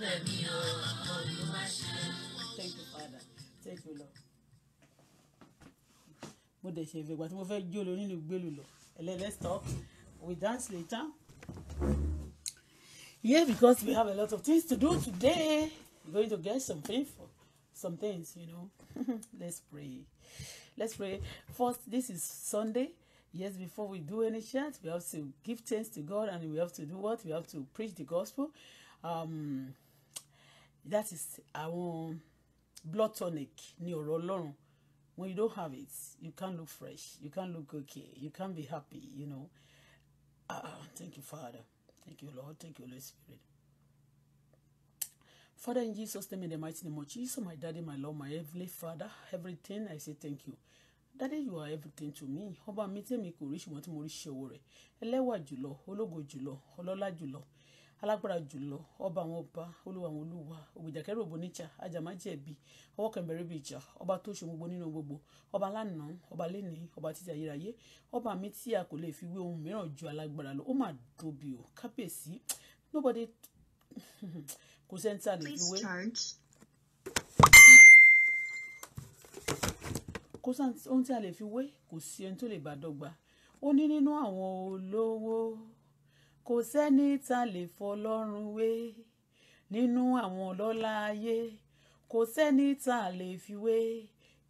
thank you father thank you lord. mo dẹ̀ ṣe ìfẹ́ ìgbà tí mo fẹ́ jó lórí ìlú gbèlú lọ let's talk we dance later. yeah because we have a lot of things to do today we're going to get some painful some things you know let's pray let's pray first this is Sunday yes before we do any church we have to give thanks to God and we have to do what we have to preach the gospel um that is our blood tonic ní ọ̀rọ̀ ọlọ́run when you don't have it you can't look fresh you can't look okay you can't be happy you know ah, ah thank you father thank you lord thank you holy spirit Father, in Jesus' name, in the mighty name of Jesus, my daddy, my Lord, my heavenly Father, everything, I say thank you. Daddy, you are everything to me. Ọba mi tèmi kò rí ṣùgbọ́n tí mo rí ṣe owó rẹ̀. Ẹlẹ́wà jùlọ, ológo jùlọ, ọlọ́lá jùlọ alágbára jùlọ ọba àwọn ọba olúwa àwọn olúwa ògbèjàkẹ́rù òbò níjà ajàmájẹ̀bi ọwọ́ kẹ̀mbẹ̀rẹ̀ bí ìjà ọba tó ṣe gbogbo nínú gbogbo ọba lánàá ọba lénìí ọba títí ayérayé ọba mi tí a kò lè fi wé ohun mìíràn ju alágbára lọ ó mà tóbi o kábíyèsí nobody kò sẹ́ńtà lè fi kò sáà ohun tí a lè fi wé kò sí ẹni tó lè bá dọ́gba ó ní nínú àwọn olówó kò sẹ́ni tá lè fọlọ́run wé nínú àwọn ọlọ́lá ayé kò sẹ́ni tá lè fi wé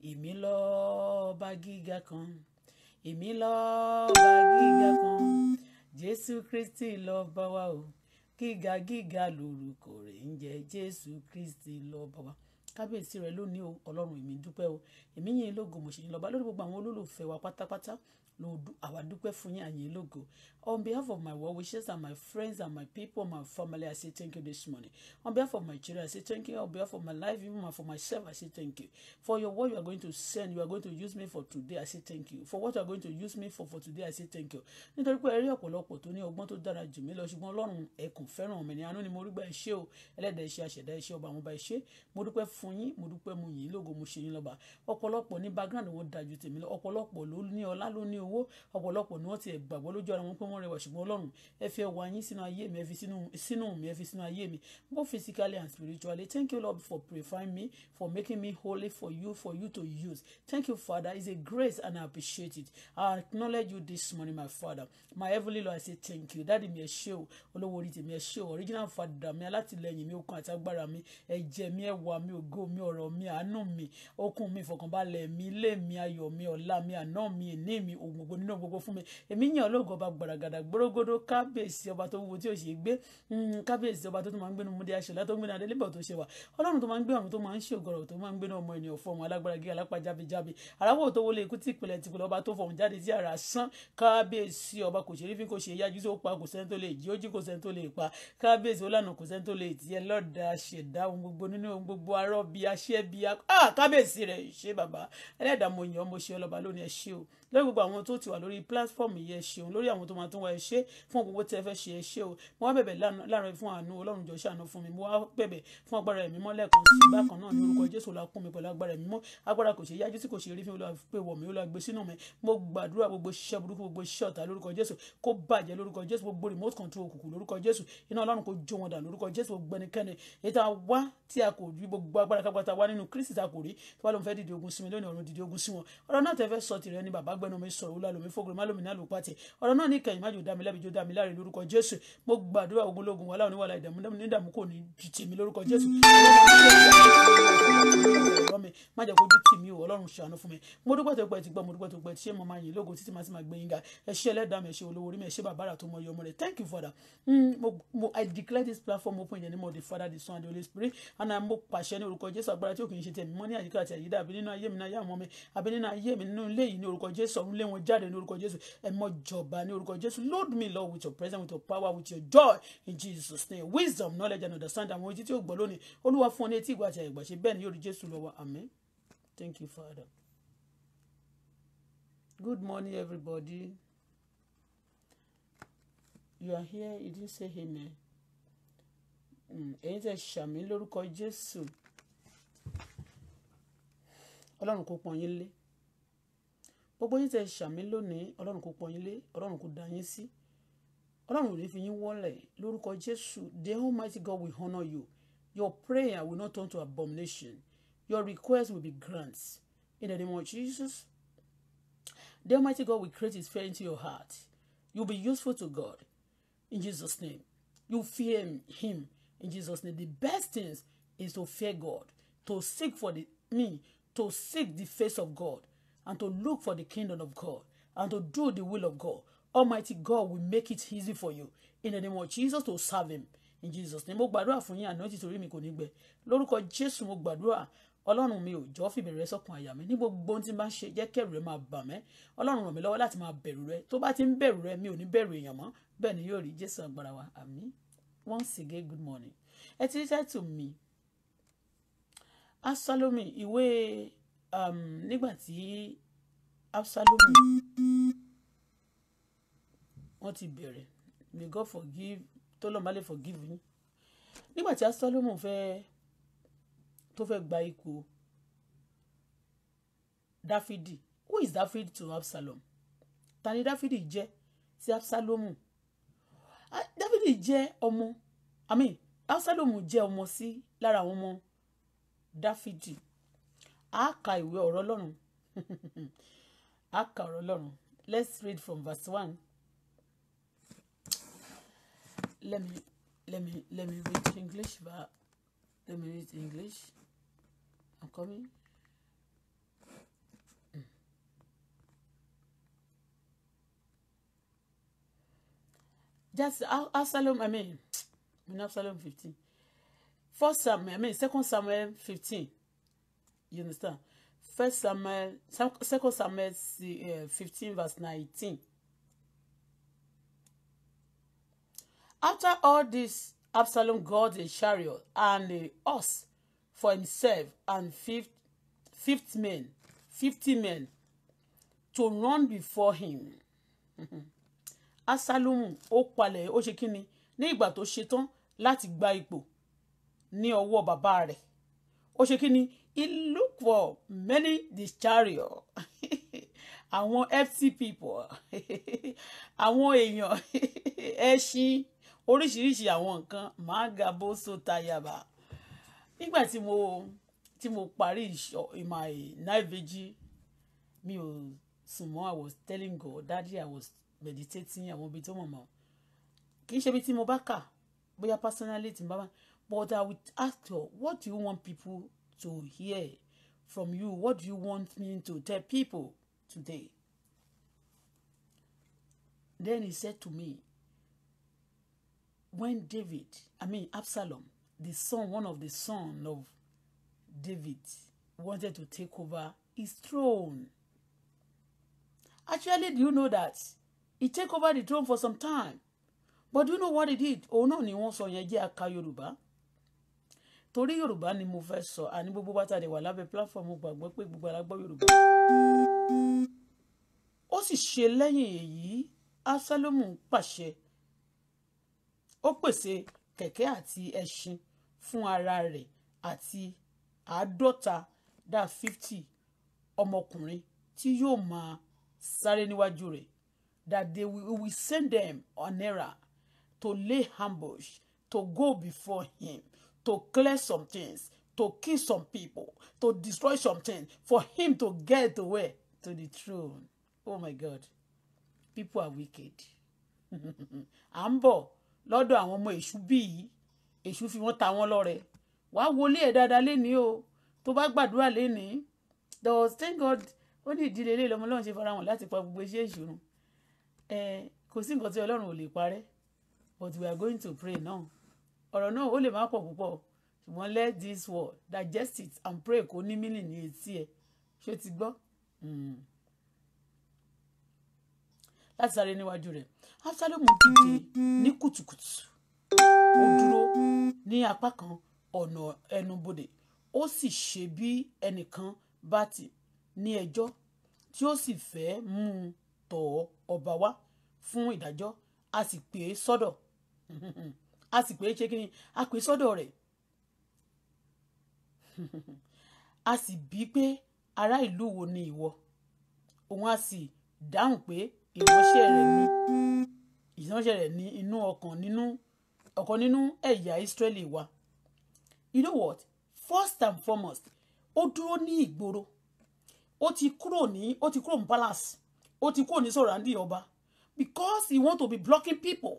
èmi lọ́ọ́ba gíga kan èmi lọ́ọ́ba gíga kan jésù kristi lọ́ọ́ba wa o gíga gíga lórúkọ rẹ̀ ń jẹ́ jésù kristi lọ́ọ́ba wa kábíyèsí rẹ lónìí o ọlọ́run èmi dúpẹ́ o èmi yìí lógo mo ṣe lórí gbogbo àwọn olólùfẹ́ wa pátápátá àwa dúpẹ́ fún yín àyè lógo on behalf of my well wishes and my friends and my people my family I say thank you this morning on behalf of my children I say thank you on behalf of my life even for myself I say thank you for your word you are going to send you are going to use me for today I say thank you for what you are going to use me for for today I say thank you nítorí pé ẹ rí ọ̀pọ̀lọpọ̀ tó ní ọgbọ́n tó dára jù mí lọ ṣùgbọ́n Ọlọ́run ẹ kò fẹ́ràn mi ní àánú ni mo rí gbà ẹ ṣé o ẹlẹ́dàá ẹ ṣé àṣẹ̀dá ẹ ṣé ọba àwọn ọba ẹ mo dúpẹ́ fún yín mo dúpẹ́ mu yín lógo mo ṣe yín lọ́ba ọ̀pọ̀lọpọ̀ ní background wọn dájú tèmi lọ ọ̀pọ̀lọpọ̀ ló ní ọlá ló ní owó owó ọ̀pọ̀lọpọ̀ ni wọ́n ti gbàgbọ́ lójú ara wọn pé wọ́n rẹwà ṣùgbọ́n ọlọ́run ẹ fi ẹwà yín sínú ayé mi ẹ fi sínú mi ẹ fi sínú ayé mi both physically and spiritually thank you lord for purifying me for making me holy for you for you to use thank you father it's a grace and i appreciate it i acknowledge you this morning my father my heavenly lord i say thank you dáàdi mi ẹ ṣé o olówó orí tèmi ẹ ṣé o original father mi alátìlẹ́yìn mi okun àti agbára mi ẹ̀jẹ̀ mi ẹwà mi ògo mi ọ̀rọ̀ mi àánú mi okun mi ìfọ̀kànbalẹ̀ mi ilé mi ayọ̀ mi ọlá mi àná mi ìní mi òwò ohun gbogbo nínú gbogbo fún mi èmi yàn olóògùn ọba gbàràgàdà gbórógódó kábíyèsí ọba tó wúwo tí ò ṣe gbé hmm, kábíyèsí ọba tó tó máa ń gbénu múdí aṣọlá tó ń gbénu adélébọ̀ tó ṣe wà ọlọ́run tó máa ń gbé ọ̀run tó máa ń ṣe ògọ̀rọ̀ tó máa ń gbénu ọmọ ènìyàn fún ọmọ alágbára gíga lápá jábíjábí aráwọ̀ tó wọlé ikú tí ìpìlẹ̀ tìpìlẹ̀ ọba tó fọ̀hún jáde tí ara sán kábíyèsí ọba kò ṣe rí fi kò ṣe yájú tó pa kò sẹ́ni tó lè jí ó jí kò sẹ́ni tó lè pa kábíyèsí ọlànà kò sẹ́ni tó lè tiẹ̀ lọ́dà ṣẹ̀dá ohun gbogbo nínú ohun gbogbo arọ́ bíi aṣẹ́ bíi ah, kábíyèsí rẹ̀ ṣe bàbá ẹlẹ́dàá mo yàn mo ṣe ọlọ́ba lónìí ẹ ṣé o lórí gbogbo àwọn tó ti wà lórí platform yìí ẹ ṣeun lórí àwọn tó máa tún wá ẹ ṣe fún gbogbo tí ẹ fẹ́ ṣe ẹ ṣe o mo wá bẹ̀bẹ̀ láàrin fún àánú ọlọ́run jọ ṣàánú fún mi mo wá bẹ̀bẹ̀ fún agbára ẹ̀mí mọ́ lẹ́ẹ̀kan sí bákan náà ní orúkọ jésù la kún mi pẹ̀lú agbára ẹ̀mí mọ́ agbára kò ṣe yájú tí kò ṣe rí fún pé wọ̀ mí olúwa gbé sínú mi mo gbàdúrà gbogbo iṣẹ́ burúkú gbogbo iṣẹ́ ọ̀tá lórúkọ jésù kó bàjẹ́ lórúkọ jésù gbogbo remote control òkùnkùn lórúkọ jésù iná ọlọ́run kò jó wọn dà lórúkọ jésù gbogbo ẹnikẹ́ni ètò àwa tí a kò rí gbogbo agbára kápátá wa nínú kristi ta kò rí tí wàá lóun fẹ́ dìde ogun sí mi lónìí ọ̀run dìde ogun sí wọn ọ̀rọ̀ náà gbẹnu mi sọ̀rọ̀ wúlá lomi fógun má lómi ní àlùpàtì ọ̀rọ̀ náà ní ìkẹyìn májò dá mi lẹ́bi jó dá mi láre lórúkọ jésù mo gbàdúrà ogunlógun wàhálà oníwàlà ìdààmú nídààmú kò ní ju tèmi lórúkọ jésù má jẹ́ kojú tì o ọlọ́run ṣàánú fún mi mo dúpẹ́ tó pẹ́ ti gbọ́ mo dúpẹ́ tó pẹ́ ti ṣé mo máa yìn lógo títí máa ti máa gbẹ̀yìn ga ẹ ṣé ẹlẹ́dàá mi olówó orí mi bàbára tó mọ iye ọmọ rẹ̀ thank you father mo i declare this platform open in the name of the father the son and the holy spirit and mo pàṣẹ ní orúkọ jésù agbára tí ò kì ṣe tẹ̀mí mọ́ ní àyíká àti àyídá àbí nínú ayé mi náà yá ọmọ mi àbí nínú ayé jésù ọ̀run lé wọn jáde ní orúkọ jésù ẹ mọ jọba ní orúkọ jésù load me lord with your presence with your power with your joy in jesus name wisdom knowledge and understanding àwọn etí tí ó gbọ́ lónìí olúwa fún ọ ní etí ìgbà àti àìgbàṣe bẹ́ẹ̀ ni yóò rí jésù lọ́wọ́ àmín thank you father good morning everybody you are here you didn't say amen hmm. ẹ̀yin tẹ́ ṣàmì lórúkọ jésù ọlọ́run kò pọ́n yín lé gbogbo yín tẹ ṣàmì lónìí ọlọ́run kò pọ̀ yín lé ọlọ́run kò dá yín sí ọlọ́run ò ní fi yín wọ́lẹ̀ lórúkọ jésù the almighty god will honour you your prayer will not turn to abomination your request will be grants in the name of jesus the almighty god will create his fear into your heart you be useful to god in jesus name you fear him in jesus name the best thing is to fear god to seek for the me to seek the face of god and to look for the kingdom of God and to do the will of God. Almighty God will make it easy for you in the name of Jesus to serve him in Jesus name. Mo gbàdúrà fún yín àná títorí mi kò ní gbẹ. Lórúkọ Jésù mo gbàdúrà ọlọ́run mi ò jọ́ fìbẹ̀rù rẹ sọ́kàn àyà mi ní gbogbo ohun tí n bá ń ṣe jẹ́ kẹ́rù rẹ máa bà mẹ́ ọlọ́run ràn mí lọ́wọ́ láti máa bẹ̀rù rẹ tó bá ti ń bẹ̀rù rẹ mi ò ní bẹ̀rù èèyàn mọ́ bẹ́ẹ̀ ni yóò rí Jésù agbára wa àmín once again good morning ẹ ti rí tẹ́tù mi Asalomi ìwé um, nígbà tí Absalomu wọ́n ti bẹ̀rẹ̀ may God forgive tọ́lọ́mà lè forgive yín nígbà tí Absalomu fẹ́ tó fẹ́ gba ipò Dáfídì who is Dáfídì to Absalom ta ni Dáfídì jẹ́ sí Absalomu Dáfídì jẹ́ ọmọ I mean Absalomu jẹ́ ọmọ sí lára àwọn ọmọ Dáfídì a ka ìwé ọ̀rọ̀ Ọlọ́run a ka ọ̀rọ̀ Ọlọ́run let's read from verse one let me let me let me read English but let me read English I'm coming. Mm. Just Absalom, I mean, in Absalom fifteen. First Samuel, I mean, Second Samuel fifteen. You understand? First Samuel, Second Samuel uh, eh, 15 verse nineteen. After all this, Absalom got a chariot and a horse for himself and fifth, fifth men, fifty men to run before him. Absalom ó palẹ̀ ó ṣe kíni ní ìgbà tó ṣetán láti gba ipò ní ọwọ́ bàbá rẹ̀ ó ṣe kíni he look for many the chariot àwọn FC people àwọn èèyàn ẹṣin oríṣiríṣi àwọn nǹkan máa ga bó so tayaba nígbà tí mo tí mo parí ìṣọ my night vigil mi ò sùn mọ́ i was telling God daddy i was meditating àwọn ibi tó mọ̀ mọ́ kì í ṣe ibi tí mo bá kà bóyá personally tí mo but i will ask God what do you want people to hear from you. What do you want me to tell people today? Then he said to me, when David, I mean Absalom, the son, one of the son of David, wanted to take over his throne. Actually, do you know that he took over the throne for some time? But do you know what he did? Oh no, ni wọ́n sọ yẹn jẹ́ aka Yorùbá torí yorùbá ni mo fẹ́ sọ àní gbogbo bá tàdé wà lábẹ́ pílàfọ́ọ̀mù gbàgbọ́ pé gbogbo alágbọ́ yorùbá. ó sì ṣe lẹ́yìn èyí absalomu pàṣẹ ó pèsè kẹ̀kẹ́ àti ẹṣin fún ara rẹ̀ àti àádọ́ta dá fifty ọmọkùnrin tí yóò máa sáré níwájú rẹ̀ that they will, will send them on era to lay ambush to go before him to clear some things, to kill some people, to destroy some things, for him to get away to the throne. Oh my God. People are wicked. À ń bọ̀ lọ́dọ̀ àwọn ọmọ èṣù bíi èṣù fi wọ́n ta wọ́n lọ́rẹ. Wàá wọlé ẹ̀ dáadáa lénìí o. Tó bá gbàdúrà lénìí. The thank God ó ní ìdílé ilé ọmọ ọlọ́run ṣe fara hàn láti pa gbogbo iṣẹ́ ìṣòro. Ẹ kò sí nǹkan tí ọlọ́run ò lè parẹ́. But we are going to pray now ọ̀rọ̀ náà ó lè má pọ̀ púpọ̀ ṣùgbọ́n let this word digest it and pray kó ní mílì ní etí ẹ̀ ṣé ti gbọ́ hmm. láti sáré níwájú rẹ̀ Absalom dìde ní kùtùkùtù ó dúró ní apá kan ọ̀nà ẹnubodè ó sì ṣe bí ẹnìkan bá ti ní ẹjọ́ tí ó sì fẹ́ mú un tọ̀ ọba wá fún ìdájọ́ a sì pè é sọ́dọ̀ a sì pé ṣé kí ni a pè sọ́dọ̀ rẹ̀ a sì bí pé ará ìlú wo ni ìwọ òun a sì dáhùn pé ìránṣẹ́ rẹ̀ ní ìránṣẹ́ rẹ̀ ní inú ọkàn nínú ọ̀kan nínú ẹ̀yà Ísírẹ́lì wa you know what first and foremost ó dúró ní ìgboro ó ti kúrò ní ó ti kúrò ní palace ó ti kúrò ní sọ̀ràǹdì ọba because he want to be blocking people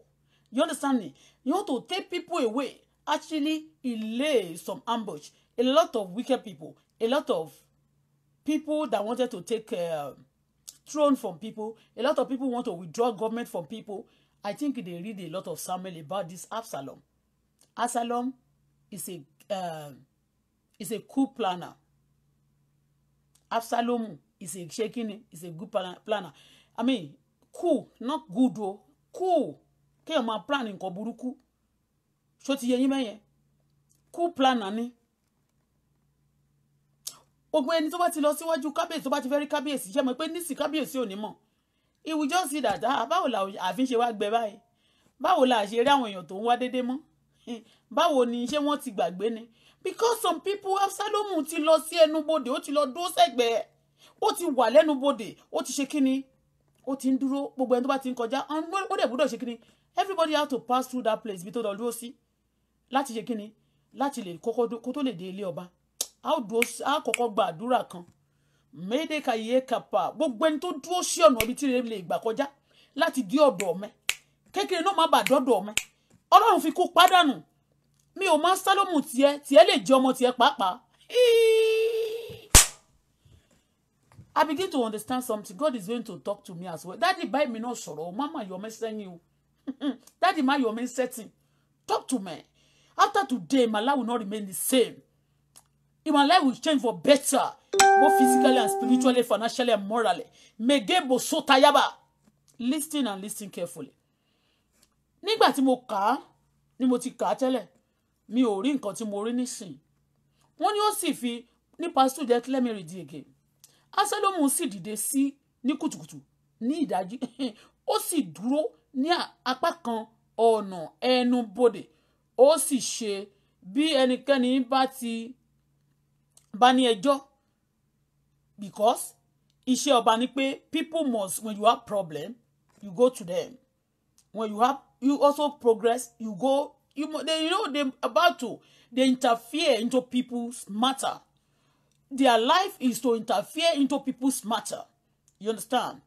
You understand me? You want to take people away. Actually, it lay some ambush. A lot of wicked people. A lot of people that wanted to take uh, throne from people. A lot of people want to withdraw government from people. I think they read a lot of Samuel about this Absalom. Absalom is a uh, is a coup planner. Absalom is a shaking is a good planner. I mean, cool, not good, oh, cool kéèyàn máa plan nǹkan burúkú ṣó ti yẹ yín mẹ́yẹn kú plan ni gbogbo ẹni tó bá ti lọ síwájú kábíyèsí tó bá ti fẹ́ rí kábíyèsí ṣe mọ̀ pé nísì kábíyèsí ò ní mọ̀ ìwù jọ́ sí dàda báwo la àfi ṣe wá gbẹ báyìí báwo la ṣe rí àwọn èèyàn tó ń wá déédéé mọ́ báwo ni ṣé wọ́n ti gbàgbé ni because some people Absalomu ti lọ sí ẹnubodè ó ti lọ dúró sẹ́gbẹ̀ẹ́ ó ti wà lẹ́nubodè ó ti ṣe kíni ó ti ń dúró gbogbo ẹni tó bá ti ń kọjá ó dẹ̀ gbúdọ̀ ṣe kíni everybody have to pass through that place ibi tó lọ dúró sí láti ṣe kíni láti lè kókó kó tó lè dé ilé ọba a ó dúró a kọ́kọ́ gba àdúrà kan mẹ́ẹ̀ẹ́dẹ́ka yìí kapa. gbogbo ẹni tó dúró sí ọ̀nà ibi tí rẹ̀ lè gbà kọjá láti dí ọ̀dọ̀ mẹ́ kékeré náà má bàa dọ́dọ̀ mẹ́ ọlọ́run fi kú pádànù mi ò máa sálọ́mù tiẹ̀ tiẹ̀ lè jẹ́ ọmọ tiẹ̀ pàápàá I begin to understand something God is going to talk to me as well daddy báyìí mi náà sọ̀rọ̀ o má mà yọ mẹ́sẹ́yìn o that is my your main setting talk to me after today my life will not remain the same if my life will change for better more physically and spiritually financially and morally megebo sotayaba listen and listen carefully Nigba ti mo ka, ni mo ti ka tele. mi ori rí nǹkan mo rí nísìn wọ́n ní ó sì fi ní pastor jẹ́ let me read again asẹ́lómù sì dìde sí ní kùtùkùtù ní ìdájí ó sì dúró ní apá kan ọ̀nà ẹnu bodè ó sì ṣe bí ẹnikẹ́ni bá ti bá ní ẹjọ́ because iṣẹ́ ọba ni pé people must when you have problem you go to them when you have you also progress you go you, they, you know they about to they interfere into people's matter their life is to interfere into people's matter you understand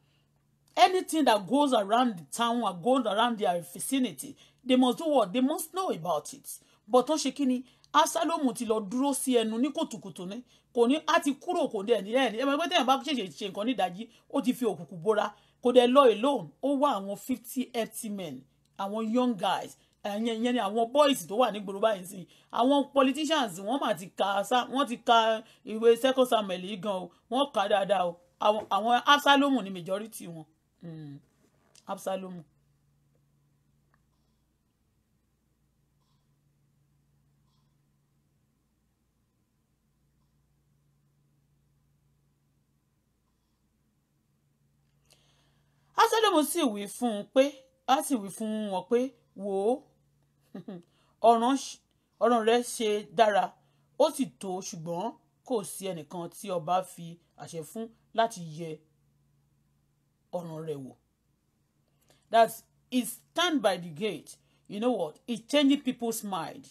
anything that goes around the town or goes around their vicinity they must do what they must know about it but wọ́n shekini, kí ni Absalom ti lọ dúró sí ẹnu ní kùtùkùtù ni kò ní á ti kúrò kò dẹ̀ ní ẹni ẹ̀mọ́ ẹgbẹ́ tẹ̀yàn bá ṣèṣe ti fi òkùnkùn bóra kò alone ó wá àwọn fifty empty men àwọn young guys ẹ̀yẹn ìyẹn ni boys to wa ni gbòòrò báyìí sí àwọn politicians wọ́n mà ti ka wọ́n ti ka ìwé second samuel yìí gan o wọ́n kà dáadáa o àwọn Absalom ni majority wọn Mm. Absalom. Absalom sì wí fún un pé a sì wí fún wọn pé wò ó ọ̀ràn rẹ ṣe dára ó sì tó ṣùgbọ́n kò sí ẹnìkan tí ọba fi àṣẹ fún láti yẹ ọ̀ràn rẹ̀ wò that is stand by the gate you know what it's changing people's mind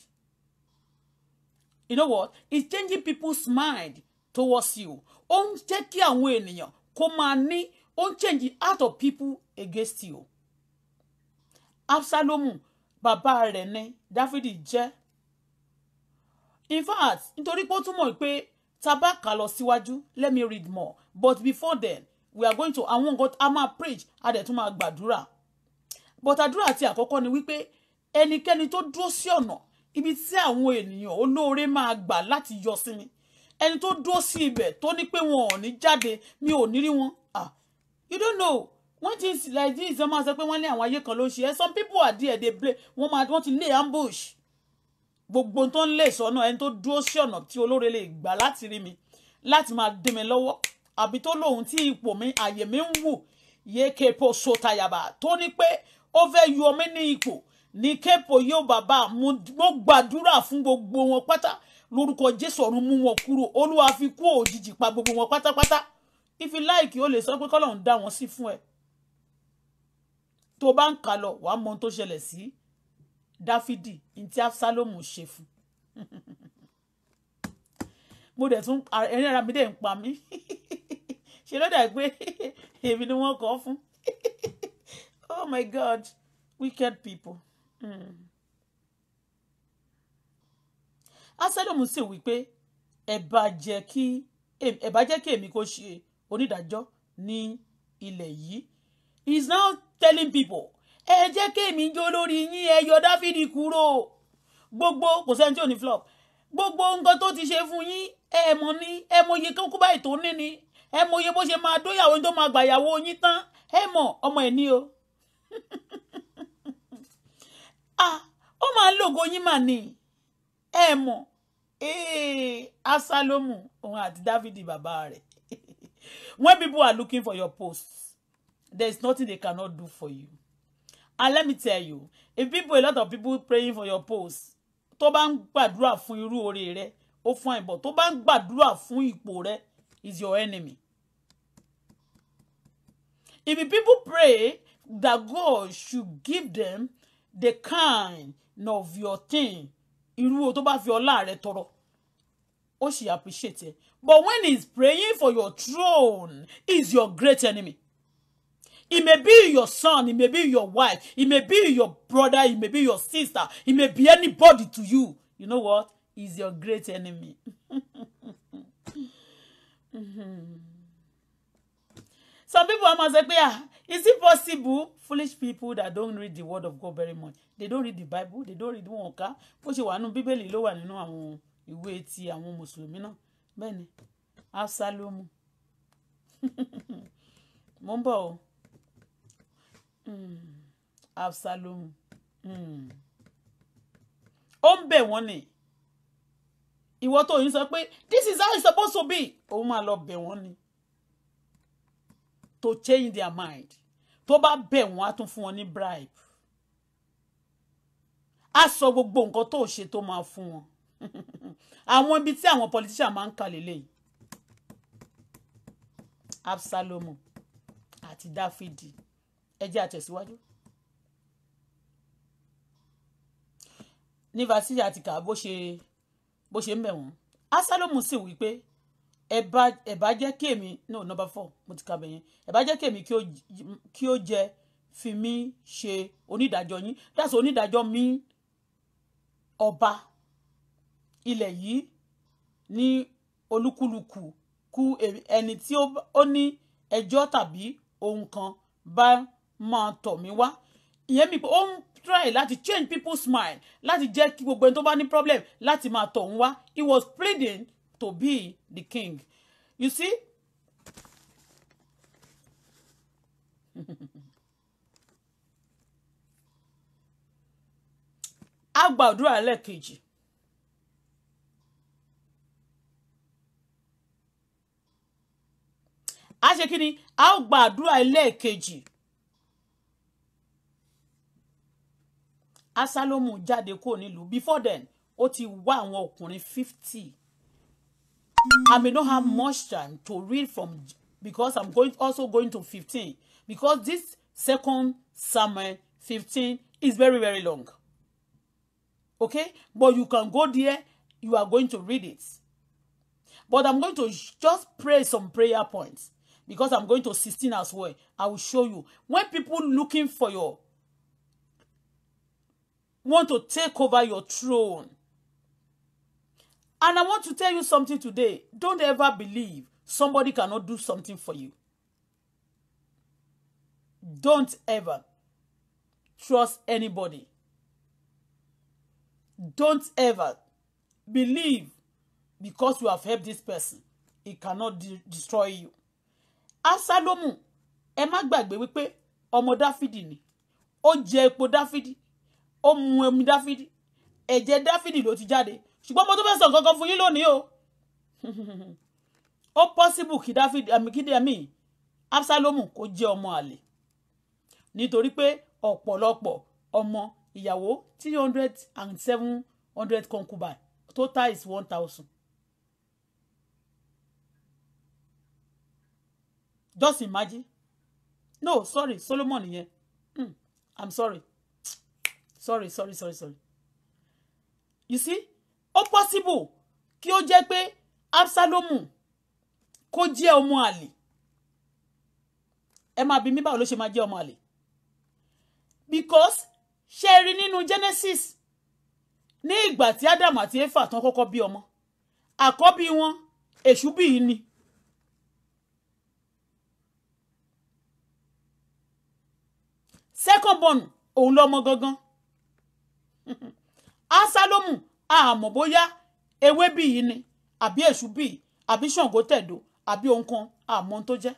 you know what it's changing people's mind towards you ó ń jẹ́ kí àwọn ènìyàn kó máa ní ó ń change out of people against you Absalomu bàbá rẹ̀ ní Dáfídì jẹ́ in fact nítorí pé ó túmọ̀ pé tá a lọ síwájú let me read more but before then we are going to àwọn nǹkan a máa preach a dẹ̀ tún máa gbàdúrà but àdúrà ti àkọ́kọ́ ni wípé ẹnikẹ́ni tó dúró sí ọ̀nà ibi tí àwọn ènìyàn olóore máa gbà láti yọ sí mi ẹni tó dúró sí ibẹ̀ tó ní pé wọn ò ní jáde mi ò ní rí wọn ah you don't know wọ́n ti like this wọ́n máa pé wọ́n lé àwọn ayé kan ló ṣe ẹ́ some people are there they play wọ́n máa wọ́n ti lay ambush gbogbo tó ń lè sọ́nà ẹni tó dúró sí ọ̀nà tí olóore lè gbà láti rí mi láti máa dé mi lọ́wọ́ àbí tó lóun tí ipò mi àyè mi ń wù yékepo sotayaba tó ní pé ó fẹ́ yọ mí ní ipò ní képo yóò bàbá mo gbàdúrà fún gbogbo wọn pátá lórúkọ jésù ọ̀run mú wọn kúrò olúwa fi kú òjijì pa gbogbo wọn pátápátá ifi láìkì ó lè sọ pé kọ́lọ́run dá wọn sí fún ẹ tó bá ń kà lọ wàá mọ ohun tó ṣẹlẹ̀ sí dáfídì ní tí absalomu ṣe fún mo dẹ̀ tún ẹ̀rín ara mi dẹ̀ ń pa mí ṣe ló dà pé èmi ni wọ́n kọ́ fún oh my god wicked people. Mm. asẹ́dọ̀mù sì wí pé ẹ bá jẹ́ kí ẹ bá jẹ́ kí èmi kó ṣe onídàájọ́ ní ilẹ̀ yìí he is now telling people ẹ jẹ́ kí èmi jó lórí yín ẹ yọ dáfídì kúrò gbogbo kò sẹ́ni tí ò ní flop gbogbo nǹkan tó ti ṣe fún yín ẹ mọ̀ ní ẹ mọ̀ iye kókó báyìí tó ní ni ẹ mọye bó ṣe máa dóyàwó tó máa gbàyàwó yín tán ẹ mọ ọmọ ẹ ní o ah ó máa ń lògo yín mà ní ẹ mọ asalomu òun àti Dávidi bàbá rẹ̀ when people are looking for your post there is nothing they cannot do for you and let me tell you if people a lot of people praying for your post tó bá ń gbàdúrà fún irú oore rẹ ó fún àìbọ̀ tó bá ń gbàdúrà fún ipò rẹ is your enemy If the people pray that God should give them the kind of your thing, irú o tó bá fi ọlá rẹ tọrọ, ó sì appreciate it. But when he's praying for your throne, is your great enemy. It may be your son, it may be your wife, it may be your brother, it may be your sister, it may be anybody to you. You know what? He's your great enemy. mm-hmm some people are máa sọ ah is it possible foolish people that don't read the word of God very much they don't read the bible they don't read one. ká bó you, wà nínú bíbélì ló wà nínú àwọn ìwé ti àwọn mùsùlùmí náà bẹ́ẹ̀ ni absalomu mo ń bọ̀ o hmm, absalomu hmm. ó ń bẹ̀ Iwato. You say, this is how it's supposed to be òun máa lọ bẹ̀ wọ́n to change their mind tó bá bẹ̀ wọ́n á tún fún wọn ní bribe á sọ gbogbo nǹkan tó ṣe tó máa fún wọn àwọn ibi tí àwọn politician máa ń kà lélẹ́yìn Absalomu àti Dáfídì ẹ jẹ́ àtẹ̀síwájú. ní vasili àti kà bó ṣe bó ṣe ń bẹ̀ wọ́n Absalomu sì wí pé ẹ bá jẹ́ kí èmi no number four mo ti ka bẹ̀yẹn ẹ bá jẹ́ kí èmi kí ó jẹ fi mí ṣe onídàájọ́ yín that's onídàájọ́ mi ọba ilẹ̀ yìí ní olúkúlùkù kú ẹni tí ó ní ẹjọ́ tàbí ohun kan bá máa tọ̀ mí wá ìyẹn mi ó ń try láti change people's mind láti jẹ́ kí gbogbo ẹni tó bá ní problem láti máa tọ̀ ń wá he was pleading to be the king. You see? a gbàdúrà lẹ́ẹ̀kejì. a ṣe kí ni a ó gbàdúrà lẹ́ẹ̀kejì. asálómù jáde kúrò nílùú before then ó ti wá àwọn ọkùnrin fifty I may not have much time to read from because I'm going also going to 15 because this second sermon 15 is very very long. Okay, but you can go there. You are going to read it. But I'm going to just pray some prayer points because I'm going to 16 as well. I will show you when people looking for your want to take over your throne And I want to tell you something today. Don't ever believe somebody cannot do something for you. Don't ever trust anybody. Don't ever believe because you have helped this person, it cannot de destroy you. Asalomu, ẹ má gbàgbé wípé ọmọ ni. Ó jẹ epo Dáfídì. Ó mu omi Dáfídì. Ẹ̀jẹ̀ ti jáde ṣùgbọ́n mo tún fẹ́ sọ nǹkan kan fún yín lónìí o ó possible kí David amikidemi um, Absalomu kó jẹ́ ọmọ àlè nítorí pé ọ̀pọ̀lọpọ̀ ọmọ ìyàwó three hundred and seven hundred concubine total is one thousand just imagine no sorry Solomon yẹn mm, I'm sorry sorry sorry sorry sorry you see ó possible kí ó jẹ́ pé absalomu kó jẹ́ ọmọ àlè ẹ máa bi mí báwo ló ṣe máa jẹ́ ọmọ àlè because ṣe rí nínú Genesis ní ìgbà tí Adam àti Efa tán kọ́kọ́ bí ọmọ àkọ́bí wọn èṣù bíi ni. second born òun lọmọ gangan asalomu àmọ́ bóyá ewé bì yìí ni àbí èṣù bì yìí àbí ṣàǹgó tẹ̀dó àbí ohun kan àmọ́ tó jẹ́.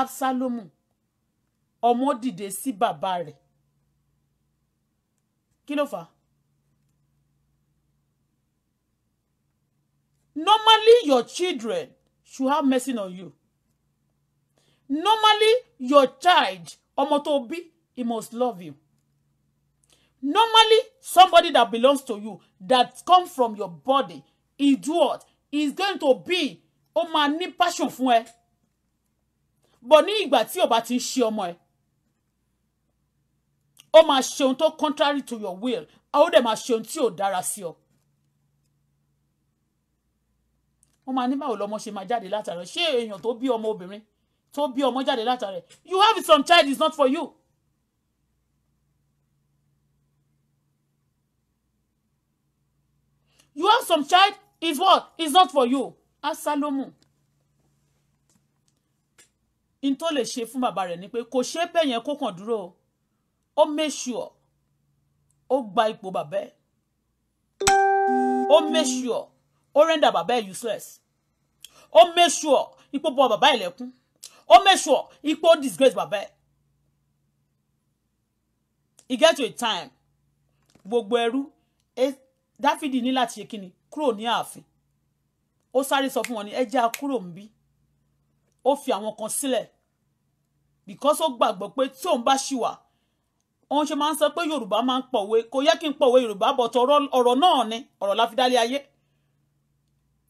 absalomu ọmọ dìde sí bàbá rẹ̀ kí ló fà á. normally your children should have mercy on you normally your child ọmọ tó bí he must love you normally somebody that belongs to you that come from your body he do what he is going to be ó máa ní passion fún ẹ bọ̀ ní ìgbà tí o bá ti ń ṣe ọmọ ẹ ó máa ṣe ohun tó contrary to your will ó dẹ̀ máa ṣe ohun tí o. dára sí ọ. wọ́n máa ní báwo lọ́mọ ṣe máa jáde látara ṣé èèyàn tó bí ọmọ obìnrin tó bí ọmọ jáde látàrẹ you have some child is not for you. you have some child is what is not for you asalomu in tó lè ṣe fún bàbá rẹ̀ ni pé kò ṣe é pé yẹn kó kàn dúró ó make sure ó gba ipò bàbá ẹ̀ ó make sure ó render bàbá ẹ̀ useless ó make sure ipò bọ bàbá ẹ̀ lẹ́kún o make sure ipo disgrace bàbá ẹ e get to a time gbogbo that dáfídì ní láti ṣe Kuro ni ní O ó sáré sọ fún wọn ní ẹ jẹ́ a kúrò ń fi àwọn kan sílẹ̀ because ó gbàgbọ́ pé tí òun bá ṣì wà òun ṣe máa ń yoruba pé yorùbá máa ń pọ̀wé kò yẹ kí n pọ̀wé yorùbá bọ̀tọ̀ ọ̀rọ̀ náà ni ọ̀rọ̀ láfidálé ayé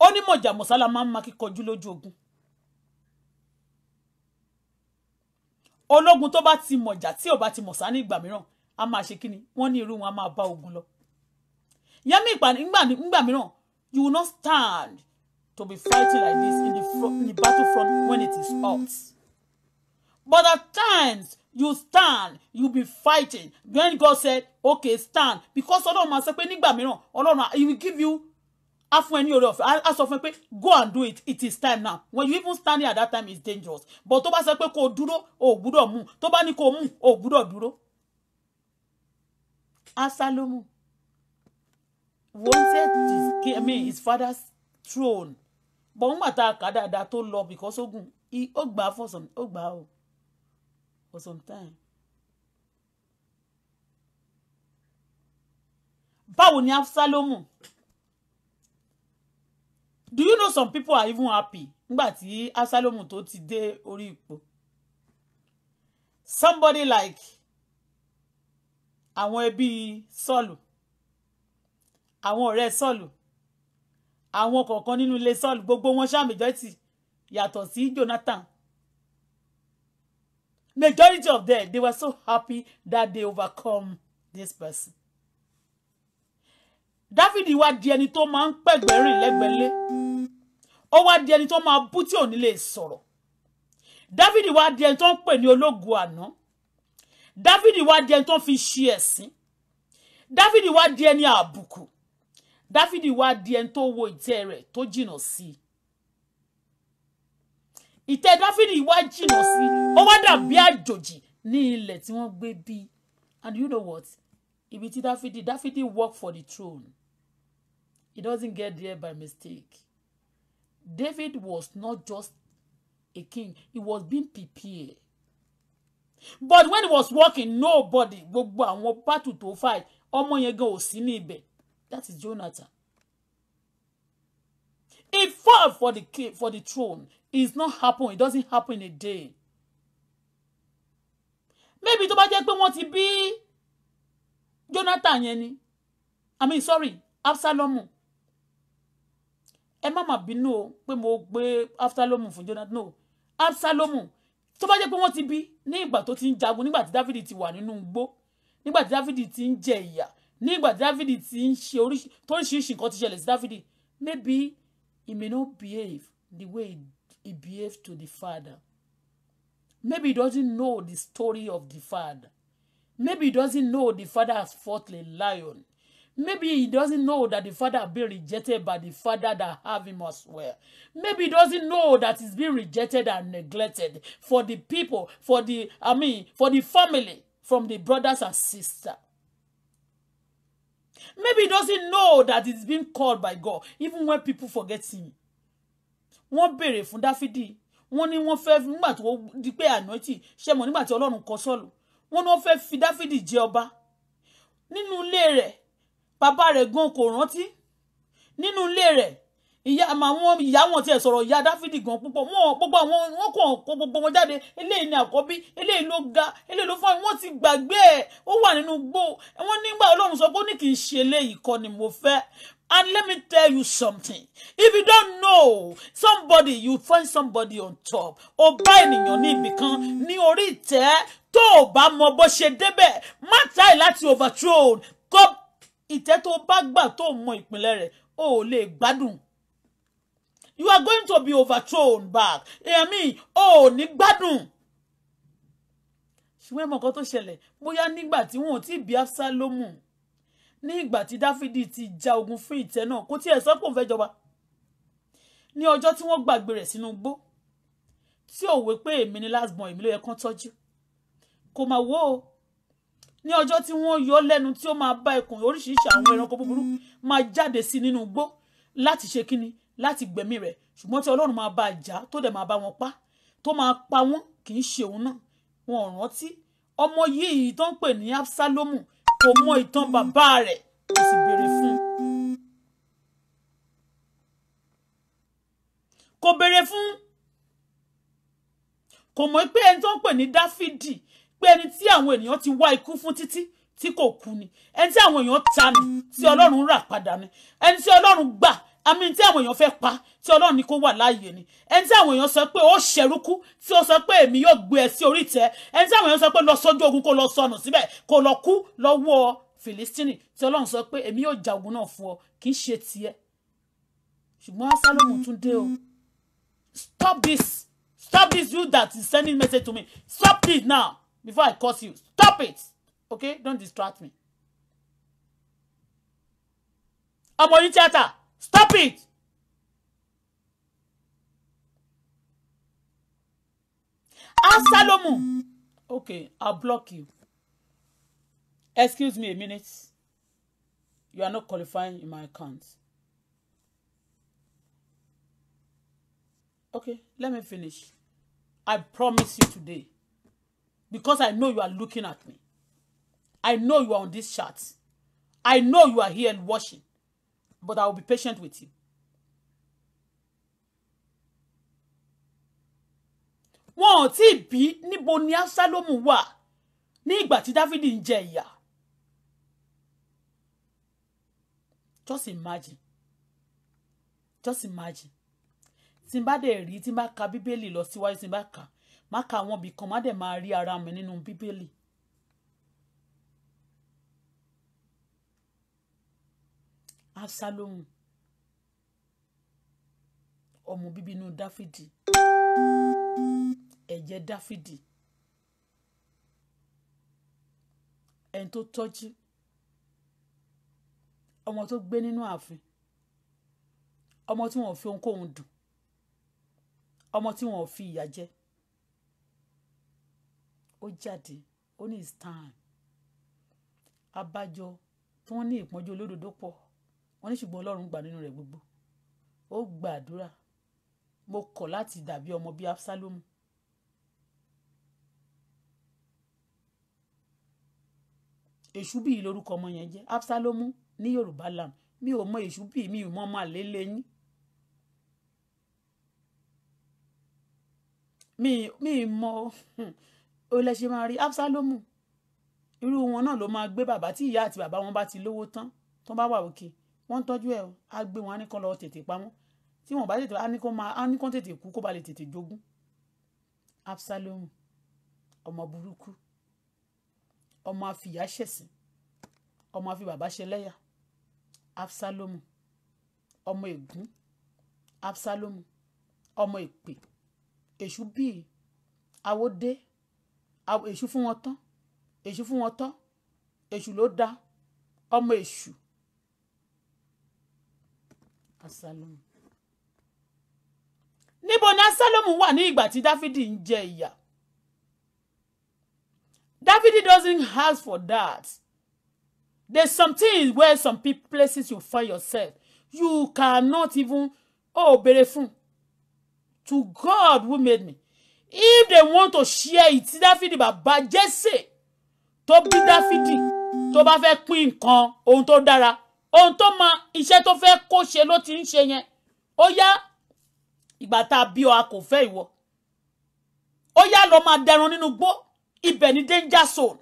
ó ní mọ̀jà mọ̀sálà máa ń ma kíkọjú lójú ogun ológun tó bá ti mọ̀jà tí ò bá ti mọ̀ sá ìgbà mìíràn a máa ṣe kíni wọ́n ní irú wọn a máa bá ogun lọ. yẹ́mí ìgbà mìíràn you will not stand to be fighting like this in the, front, in the battlefront when it is hot. But at times you stand you be fighting when God said okay stand because ọlọ́run máa sọ pé nígbà mìíràn ọlọ́run he will give you á fún ẹ ní oore ọ̀fẹ́ á sọ fún ẹ pé go and do it it is time now when you even stand here at that time is dangerous but tó bá sọ pé kó o dúró o ò gbúdọ̀ mú tó bá ní kó mú ò gbúdọ̀ dúró. Absalom wanted to I mean, his father's throne but nígbà tá a kà dáadáa tó lọ because ogun ó gbà for some ó gbà o for some time. báwo ni Absalomu do you know some people are even happy nígbà tí Absalom tó ti dé orí ipò somebody like àwọn ẹbí Sọ́ọ̀lù àwọn ọ̀rẹ́ Sọ́ọ̀lù àwọn kọ̀ọ̀kan nínú ilé Sọ́ọ̀lù gbogbo wọn ṣá majority yàtọ̀ sí Jonathan majority of them they were so happy that they overcome this person Dáfídì wá di ẹni tó máa ń pẹ̀gbẹ́rìn lẹ́gbẹ̀lé. Mm -hmm ó wá di ẹni tó máa bú tí ò ní lè sọ̀rọ̀ Dáfídì wá di ẹni tó ń pè ní ológun àná Dáfídì di ẹni tó fi ṣe ẹ̀sín Dáfídì wá di ẹni abuku. Dáfídì wá di ẹni tó wo ìtẹ́ rẹ̀ tó jìnnà sí i ìtẹ́ Dáfídì wá jìnnà sí ó wá dàbí àjòjì ní ilẹ̀ tí wọ́n gbé and you know what ibi tí Dáfídì Dáfídì work for the throne he doesn't get there by mistake David was not just a king, he was being prepared. But when he was walking, nobody, gbogbo àwọn battle to fight, ọmọ yẹn gan ò sí ní ibẹ̀. That is Jonathan. He fought for the for the throne. It's not happen. It doesn't happen in a day. Maybe tó bá jẹ́ pé wọ́n ti bí Jonathan yẹn ni. I mean sorry, Absalom ẹ má má bínú o pé mo gbé absalomu fún jonathan no absalomu tó bá jẹ́ pé wọ́n ti bí ní ìgbà tó ti ń jagun nígbà tí dáfídì ti wà nínú igbó nígbà tí dáfídì ti ń jẹ ìyà nígbà tí dáfídì ti ń ṣe oríṣiríṣi nǹkan ti ṣẹlẹ̀ sí dáfídì maybe he may not behave the way he, he behaved to the father maybe he doesn't know the story of the father maybe he doesn't know the father has fought a lion Maybe he doesn't know that the father has been rejected by the father that have him as well. Maybe he doesn't know that he's been rejected and neglected for the people, for the, I mean, for the family, from the brothers and sisters. Maybe he doesn't know that he's been called by God, even when people forget him. Wọ́n béèrè fún Dáfídì, wọ́n ní wọ́n fẹ́ nígbà tó di pé ànátì ṣẹ́mọ̀ nígbà tí Ọlọ́run kọ Sọ́ọ̀lù, wọ́n ní wọ́n fẹ́ fi Dáfídì jẹ ọba nínú ilé rẹ̀ bàbá rẹ̀ gan kò rántí nínú ilé rẹ̀ ìyá àwọn ìyá wọn tiẹ̀ sọ̀rọ̀ ìyá dáfídì gan púpọ̀ wọn gbogbo àwọn wọn kàn kó gbogbo wọn jáde eléyìí ni àkọ́bí eléyìí ló ga eléyìí ló fọ́n wọn ti gbàgbé ẹ̀ ó wà nínú gbó wọn nígbà ọlọ́run sọ pé ó ní kì í ṣe eléyìí kọ́ ni mo fẹ́ and let me tell you something if you don't know somebody you find somebody on top ó bá ènìyàn ní ibìkan ní orí ìtẹ́ tó o bá mọ bó ṣe débẹ̀ má try láti overthrow ìtẹ́ tó bá gbà tó mọ ìpínlẹ̀ rẹ̀ o ò lè gbádùn you are going to be overthrown back èmi o ò ní gbádùn ṣùgbọ́n ẹ̀mọ̀ kan tó ṣẹlẹ̀ bóyá nígbà tí wọn ò tí ì bí Absalomu ní ìgbà tí Dáfídì ti ja ogun fún ìtẹ́ náà kó tiẹ̀ sọ pé fẹ́ jọba ní ọjọ́ tí wọ́n gbàgbé rẹ̀ sínú igbó tí òwe pé èmi ni last born èmi ló yẹ kán tọ́jú kò máa wó o ní ọjọ́ tí wọ́n yọ lẹ́nu tí ó máa bá ikùn oríṣiríṣi àwọn ẹranko búburú máa jáde sí nínú igbó láti ṣe kíni láti gbẹ̀mí rẹ̀ ṣùgbọ́n tí ọlọ́run máa bá a jà tó dẹ̀ máa bá wọn pa tó máa pa wọ́n kì í ṣe òun náà wọn ò rántí ọmọ yìí tó ń pè ní Absalomu kò mọ ìtàn bàbá rẹ̀ kò sì béèrè fún kò béèrè fún kò mọ̀ pé ẹni tó ń pè ní Dáfídì pé ẹni tí àwọn ènìyàn ti wá ikú fún títí tí kò kú ni ẹni tí àwọn èèyàn ta ni tí ọlọ́run rà padà ni ẹni tí ọlọ́run gbà àmì tí àwọn èèyàn fẹ́ pa tí ọlọ́run ní kó wà láàyè ni ẹni tí àwọn èèyàn sọ pé ó ṣẹrúkú tí ó sọ pé èmi yóò gbé ẹ sí orí ìtẹ́ ẹni tí àwọn èèyàn sọ pé lọ sójú ogun kó lọ sọnù síbẹ̀ kó lọ kú lọ́wọ́ Fìlístínì tí ọlọ́run sọ pé èmi yóò ja ogun náà fún ọ kì í ṣe tiẹ̀ ṣùgbọ́n Absalom tún dé o stop this stop this you that is sending message to me stop this now before I curse you. Stop it. Okay? Don't distract me. Ọmọ yìí Stop it. Absalomu. Okay, I'll block you. Excuse me a minute. You are not qualifying in my account. Okay, let me finish. I promise you today because I know you are looking at me. I know you are on this chat. I know you are here and watching, but I will be patient with you. Wọn ò tí ì bí níbo ni Absalomu wà ní ìgbà tí Dáfídì ń jẹ ìyà. Just imagine. Just imagine. Tí n bá dẹ̀ rí tí n bá ka Bíbélì lọ síwájú tí n bá kà má ka àwọn ibì kan má dẹ̀ máa rí ara mi nínú bíbélì. Absalom ọmọ bíbí inú Dáfídì ẹ̀jẹ̀ Dáfídì ẹni tó tọ́jú ọmọ tó gbé nínú ààfin ọmọ tí wọn ò fi ohunkóhun dùn ọmọ tí wọn ò fi ìyà jẹ ó jáde ó ní it's time abájọ tí wọ́n ní ìpọ́njú olódodo pọ̀ wọ́n ní ṣùgbọ́n ọlọ́run gbà nínú rẹ̀ gbogbo ó gbàdúrà mo kọ̀ láti dàbí ọmọ bíi absalomu èṣù bíi lórúkọ ọmọ yẹn jẹ́ absalomu ní yorùbá lam mi ò mọ èṣù bíi mi ò mọ ọmọ àlè lẹ́yìn mi mi mọ ó lẹ ṣe máa rí absalomu irú wọn náà ló máa gbé bàbá tí ìyá àti bàbá wọn bá ti lówó tán tó bá wà òkè wọ́n ń tọ́jú ẹ̀ á gbé wọn á ní kán lọ tètè pamọ́ tí wọ́n bá tètè á ní kán máa á ní kán tètè kú kó ba lè tètè jogún absalomu ọmọ burúkú ọmọ àfìyà ṣẹ̀sìn ọmọ àfi bàbá ṣẹlẹ́yà absalomu ọmọ ègún absalomu ọmọ èpè èṣù bíi awódé èṣù fún wọn tán èṣù fún wọn tán èṣù ló dá ọmọ èṣù níbo ni asálómù wà ní ìgbà tí dáfídì ń jẹ ìyà dáfídì doesn't ask for that there's something where some places you find yourself you cannot even oh béèrè fún to God who made me if they want to share it tí dáfídì bàbá jésè tó bí dáfídì tó bá fẹ́ pín nǹkan ohun tó dára ohun tó mọ iṣẹ́ tó fẹ́ kó ṣe ló ti ń ṣe yẹn ó yá ìgbà tá a bí ọ a kò fẹ́ ìwọ ó yá lọ máa dẹrun nínú gbó ibẹ̀ ní danger zone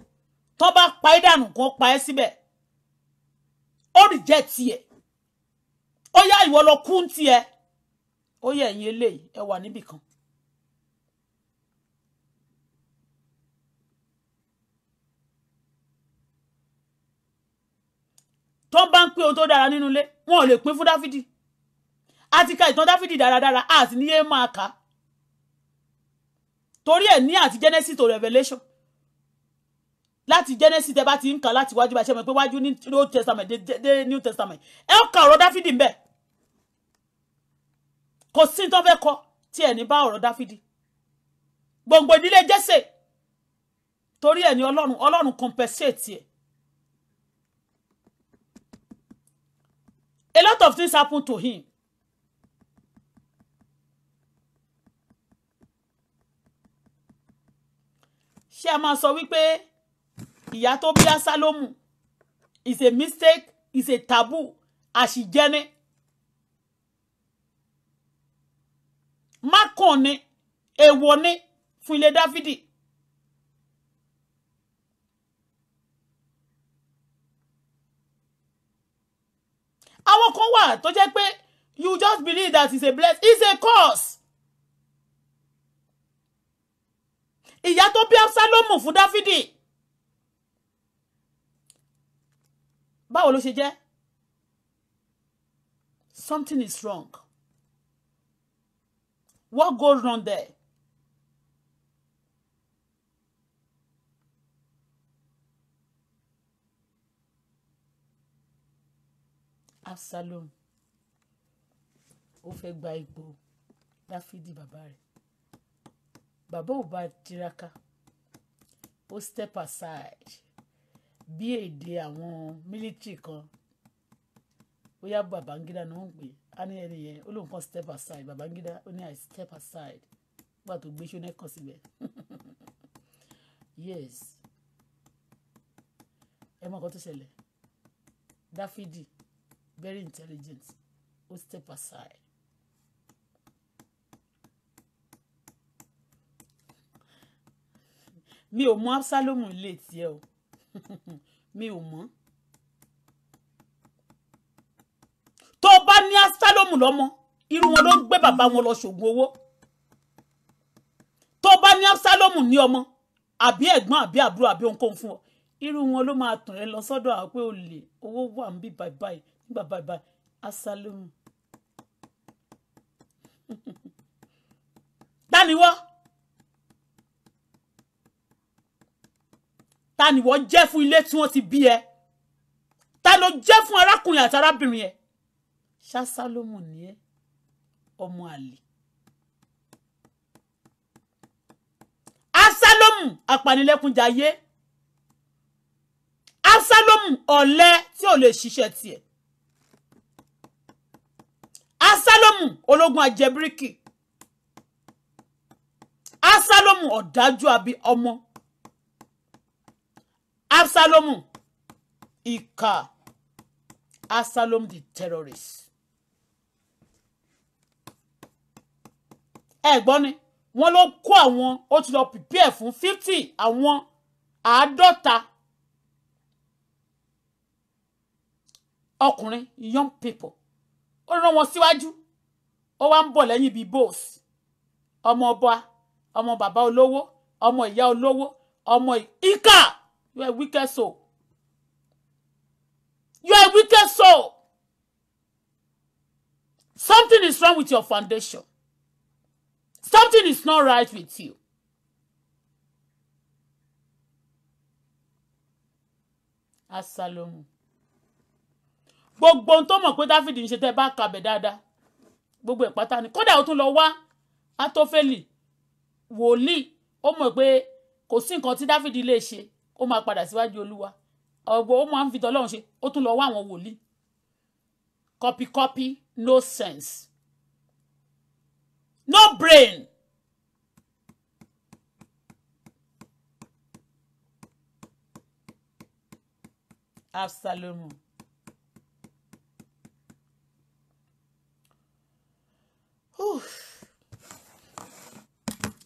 to ba pa ẹ́ dànù kan pa ẹ́ síbẹ̀ ó rì jẹ́ tiẹ̀ ó yá ìwọ lọ kú tiẹ̀ ó yẹ ẹ̀yin eléyìí ẹ wà níbì kan tó bá ń pín ohun tó dára nínú ilé wọn ò lè pín fún dáfídì a ti ka ìtàn dáfídì dáradára a sì ní yé máa kà á torí ẹ̀ ní àti genesis to revelation láti genesis tẹ bá ti ń kà láti wájú bá ṣe mọ̀ pé wájú ní old testament dé dé new testament ẹ ó ka ọ̀rọ̀ dáfídì ńbẹ̀ kò sí tó fẹ́ kọ tí ẹ̀ ní bá ọ̀rọ̀ dáfídì gbòǹgbò ìdílé jésè torí ẹ̀ ní ọlọ́run ọlọ́run compensate ẹ̀ a lot of things happen to him. ṣé a máa sọ wípé ìyá tó bí asálómù is a mistake is a taboo àṣìjẹni má kàn ní èèwọ̀ ní fún ilé dáfídì. àwọn kan wà tó jẹ́ pé you just believe that it's a blessing it's a curse. ìyá tó bí absalomu fún dáfídì báwo ló ṣe jẹ́ something is wrong what goes wrong there Absalom ó fẹ́ gba ipò Dáfídì bàbá rẹ̀. Bàbá ò bá tiraka. Ó step aside bí èdè àwọn military kan. Bóyá Babangida ni wọ́n ń pè é. ní ẹni yẹn ó lóun kan step aside. Babangida ó ní I step aside. Nígbà tó gbé ṣóná kan síbẹ̀. Yes. Ẹ mọ̀ nǹkan tó ṣẹlẹ̀. Dáfídì very intelligent ó step aside. mi ò mọ Absalom ilé tiẹ̀ o mi ò mọ. tó bá ní Absalom lọ́mọ irú wọn ló ń gbé bàbá wọn lọ ṣògùn owó tó bá ní Absalom ní ọmọ àbí ẹ̀gbọ́n àbí àbúrò àbí ohunkóhun fún ọ irú wọn ló máa tàn ẹ́ lọ sọ́dọ̀ àwọn pé olè owó wà ń bí báyìí Bye bye asálómù tániwọ́ tániwọ́ jẹ́ fún ilé tí wọ́n ti bí ẹ ta ló jẹ́ fún arákùnrin àti arábìnrin ẹ ṣásálómù ni ẹ ọmọ àlè asálómù apanilẹ́kúnjayé asálómù ọ̀lẹ tí ò lè ṣiṣẹ́ tiẹ̀. Absalomu ológun àjẹbíríkì Absalomu ọ̀dájú àbí ọmọ Absalomu ìkà Absalom the terrorist ẹ̀gbọ́n ni wọ́n ló kó àwọn ó ti lọ prepare fún fifty àwọn àádọ́ta ọkùnrin young people ó rán wọn síwájú ó wá ń bọ̀ lẹ́yìn bíi bose ọmọ ọba ọmọ bàbá olówó ọmọ ìyá olówó ọmọ ìkà you are a wicked soul you are a wicked soul something is wrong with your foundation something is not right with you. Asalomu gbogbo ohun tó mọ̀ pé Dáfídì ń ṣe tẹ́ bá kàbẹ̀ dáadáa gbogbo ẹ̀ pátá ni kódà ó tún lọ wá atófẹ́lì wòlíì ó mọ̀ pé kò sí nǹkan tí dáfídì lè ṣe ó máa padà síwájú olúwa ọ̀gbọ́n ó máa ń fi tọ́lọ́run ṣe ó tún lọ wá àwọn wòlíì copy copy no sense no brain Absalomu.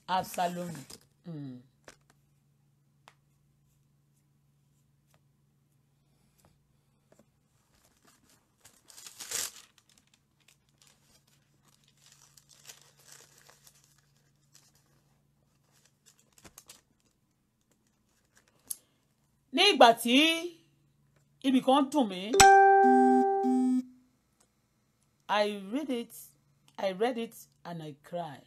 Absalom. Mm. ní ìgbà tí ibì kan dùn mí I read it I read it and I cry.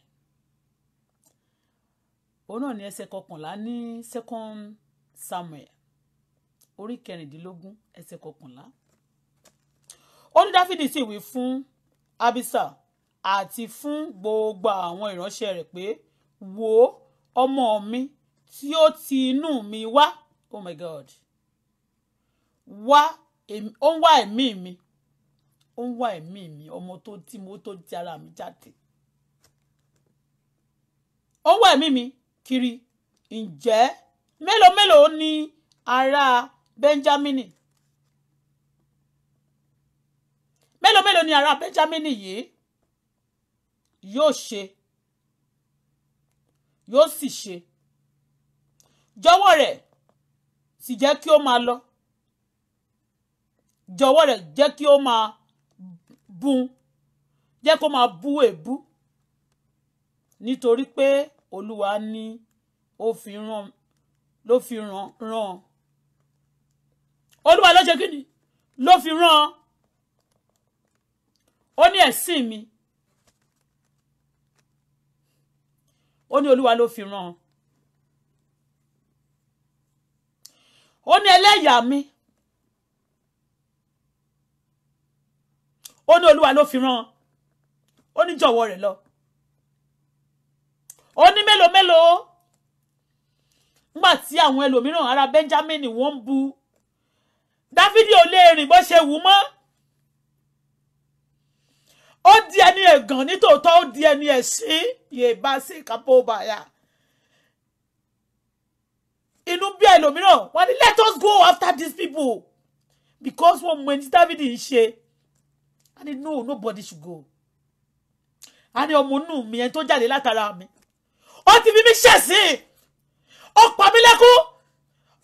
òun náà ní ẹsẹ̀ kọkànlá ní second Samuel orí kẹrìndínlógún ẹsẹ̀ kọkànlá. ó ní Dáfídì sì wí fún Abisa àti fún gbogbo àwọn ìránṣẹ́ rẹ̀ pé wo ọmọ mi tí ó ti inú mi wá oh my God wá ó ń wá ẹ̀mí mi ó ń wá ẹ̀mí mi ọmọ tó tí mo tó ti ara mi jáde ó ń wá ẹ̀mí mi kiri ǹjẹ́ mélòó mélòó ni ará Benjamini mélòó mélòó ni ará Benjamini yìí yóò ṣe yóò sì ṣe jọ̀wọ́ rẹ̀ sì jẹ́ kí ó máa lọ jọ̀wọ́ rẹ̀ jẹ́ kí ó máa bùn jẹ́ kó máa bú èébú nítorí pé olúwa ní ó fi ràn ló fi ràn ràn olúwa ló ṣe kí ni ló fi ràn ó ní ẹ̀sìn mi ó ní olúwa ló fi ràn ó ní ẹlẹ́yà mi ó ní olúwa ló fi rán ó ní jọ̀wọ́ rẹ̀ lọ ó ní mélòó mélòó nígbà àwọn ẹlòmíràn ará Benjamin wọ́n ń bu Dáfídì ò lè rìn bó ṣe wù mọ́ ó di ẹni ẹ̀gàn nítòótọ́ ó di ẹni ẹ̀sín yèébá sí kápóbáyà inú bí ẹlòmíràn wọ́n ní let us go after these people because wọ́n mọ ẹni tí Dáfídì ń ṣe a ní no nobody should go a ní ọmọ inú mi ẹni tó jáde látara mi ó ti fi mí ṣẹ̀sín ó pa mí lẹ́kún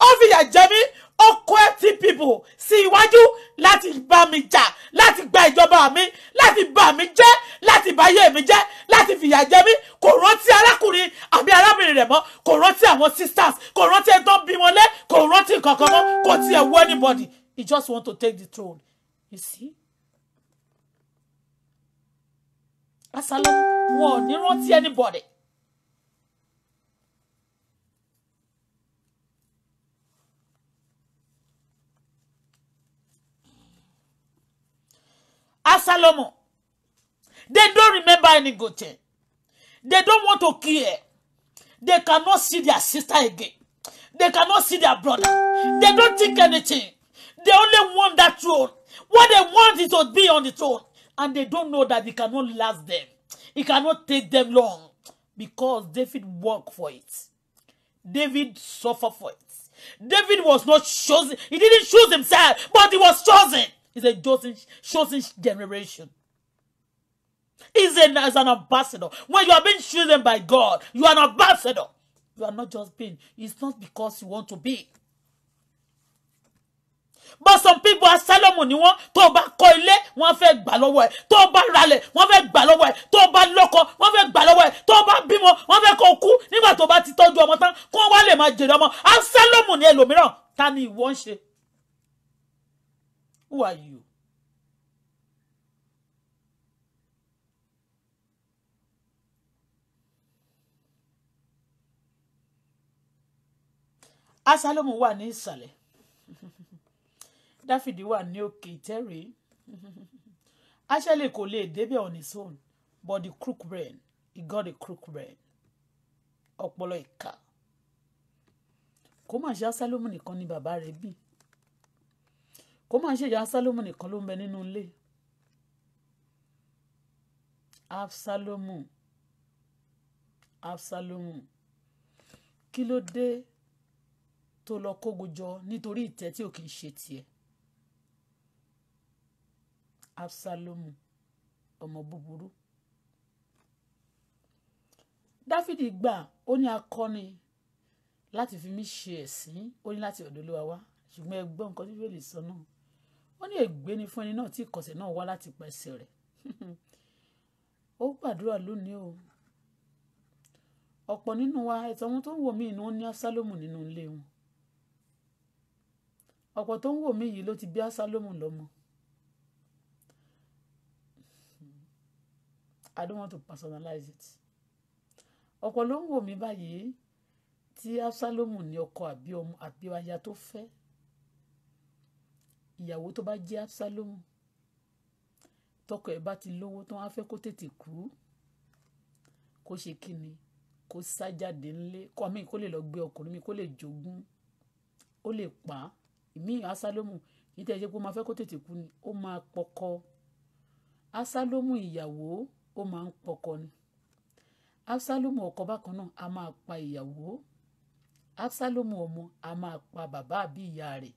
ó fìyà jẹ mí ó kó ẹtí people sí iwájú láti bá mi jà láti gba ìjọba mi láti bà mí jẹ́ láti báyé mi jẹ́ láti fìyà jẹ mí kò rántí arákùnrin àbí arábìnrin rẹ̀ mọ́ kò rántí àwọn sisters kò rántí ẹni tó ń bí wọn lé kò rántí kankan mọ́ kò tiẹ̀ wọ anybody he just want to take the throne you see. àṣàlọ wọn ò ní rántí anybody. Asalomo, they don't remember any good thing. They don't want to care. They cannot see their sister again. They cannot see their brother. They don't think anything. They only want that throne. What they want is to be on the throne and they don't know that it cannot last them. It cannot take them long because David worked for it. David suffered for it. David was not chosen. He didn't choose himself, but he was chosen. He's a chosen, chosen generation. He's an, as an ambassador. When you are being chosen by God, you are an ambassador. You are not just being. It's not because you want to be but some people asylum ni wọ́n tó bá kọ́ ilé wọ́n fẹ́ gbà lọ́wọ́ ẹ̀ tó bá ralẹ̀ wọ́n fẹ́ gbà lọ́wọ́ ẹ̀ tó bá lọ́kọ wọ́n fẹ́ gbà lọ́wọ́ ẹ̀ tó bá bímọ wọ́n fẹ́ kó kú nígbà tó bá ti tọ́jú ọmọ tán kó wá lè máa jèrè ọmọ asylum ni ẹlòmíràn ta ni ìwọ ń ṣe who are you. asálọ́mù wà ní ìsàlẹ̀ dáfídì wà ní òkè ìtẹ́rẹ̀ actually kò lè débẹ̀ on his own but the crook brain he got the crook brain ọpọlọ ìka kò máa ṣe asálómù nìkan ni bàbá rẹ̀ bí kò máa ṣe ìyá asálómù nìkan ló ń bẹ nínú ilé absalomu absalomu kí ló dé tó lọ kógun jọ nítorí ìtẹ́ tí ò kì í ṣe tiẹ̀ absalomu ọmọ búburú dáfídì gbà ó ní akọni láti fi mí ṣe ẹ̀sín ó ní láti ọ̀dọ̀ olúwa wá ṣùgbọ́n ẹ gbọ́ nǹkan tí bíbélì sọ náà ó ní ègbé ni fún ẹni náà tí ìkọ̀sẹ̀ náà wá láti pa rẹ̀ ó gbàdúrà lónìí o ọ̀pọ̀ nínú wa ẹ̀tọ́ wọn tó ń wò mí ni wọ́n ní absalomu nínú ilé wọn ọ̀pọ̀ tó ń wò mí yìí ló ti bí absalomu lọ́mọ I don't want to personalize it. ọ̀pọ̀ ló ń wò mí báyìí tí Absalomu ní ọkọ àbí ọmọ àbí aya tó fẹ́ ìyàwó tó bá jẹ́ Absalomu tọkọ ẹ̀ bá ti lówó tán á fẹ́ kó tètè kú kó ṣe kíni kó sá jáde ńlé kọ́ mi kó lè lọ gbé ọkùnrin mi kó lè jogún ó lè pa ìmí Absalomu yìí tẹ́ ẹ jẹ́ pé ó máa fẹ́ kó tètè kú ni ó máa pọkọ Absalomu ìyàwó ó máa ń pọkọ ni absalomu ọkọ bákan náà a máa pa ìyàwó absalomu ọmọ a máa pa bàbá àbí ìyá rẹ̀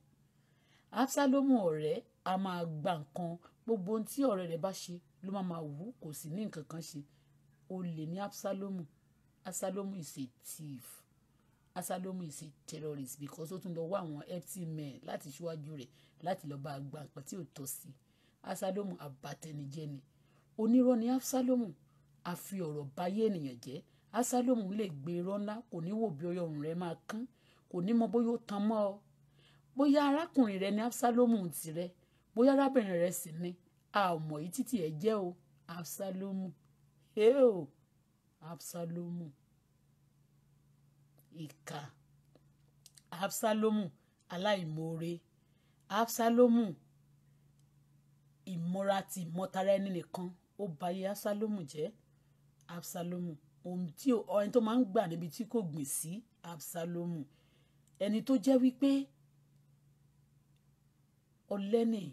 absalomu ọ̀rẹ́ a máa gba nǹkan gbogbo ohun tí ọ̀rẹ́ rẹ̀ bá ṣe ló máa máa wù kò sì ní nǹkan kan ṣe olè ní absalomu absalomu is a thief absalomu is a terrorist because ó tún lọ wá àwọn empty men láti ṣíwájú rẹ̀ láti lọ bá a gba nǹkan tí ò tọ́ sí absalomu abatẹnijẹ́ onírọ́ ni absalomu a fi ọ̀rọ̀ báyé ènìyàn jẹ́ absalomu lè gbé irọ́ ńlá kò ní wò bí ọyọrùn rẹ̀ máa kán kò ní mọ bóyá ó tan mọ́ ọ bóyá arákùnrin rẹ̀ ni absalomu tirẹ̀ bóyá arábìnrin rẹ̀ sì ni a ò mọ̀ yìí títí ẹ̀ jẹ́ o absalomu eo absalomu ìkà absalomu aláìmoore absalomu ìmọ̀ra ti ìmọ̀tara ẹni nìkan ó ba ayé absalomu jẹ́ absalomu ohun tí ẹni tó máa ń gbà níbi tí kò gbìn sí absalomu ẹni tó jẹ́ wípé ọ̀lẹ́ni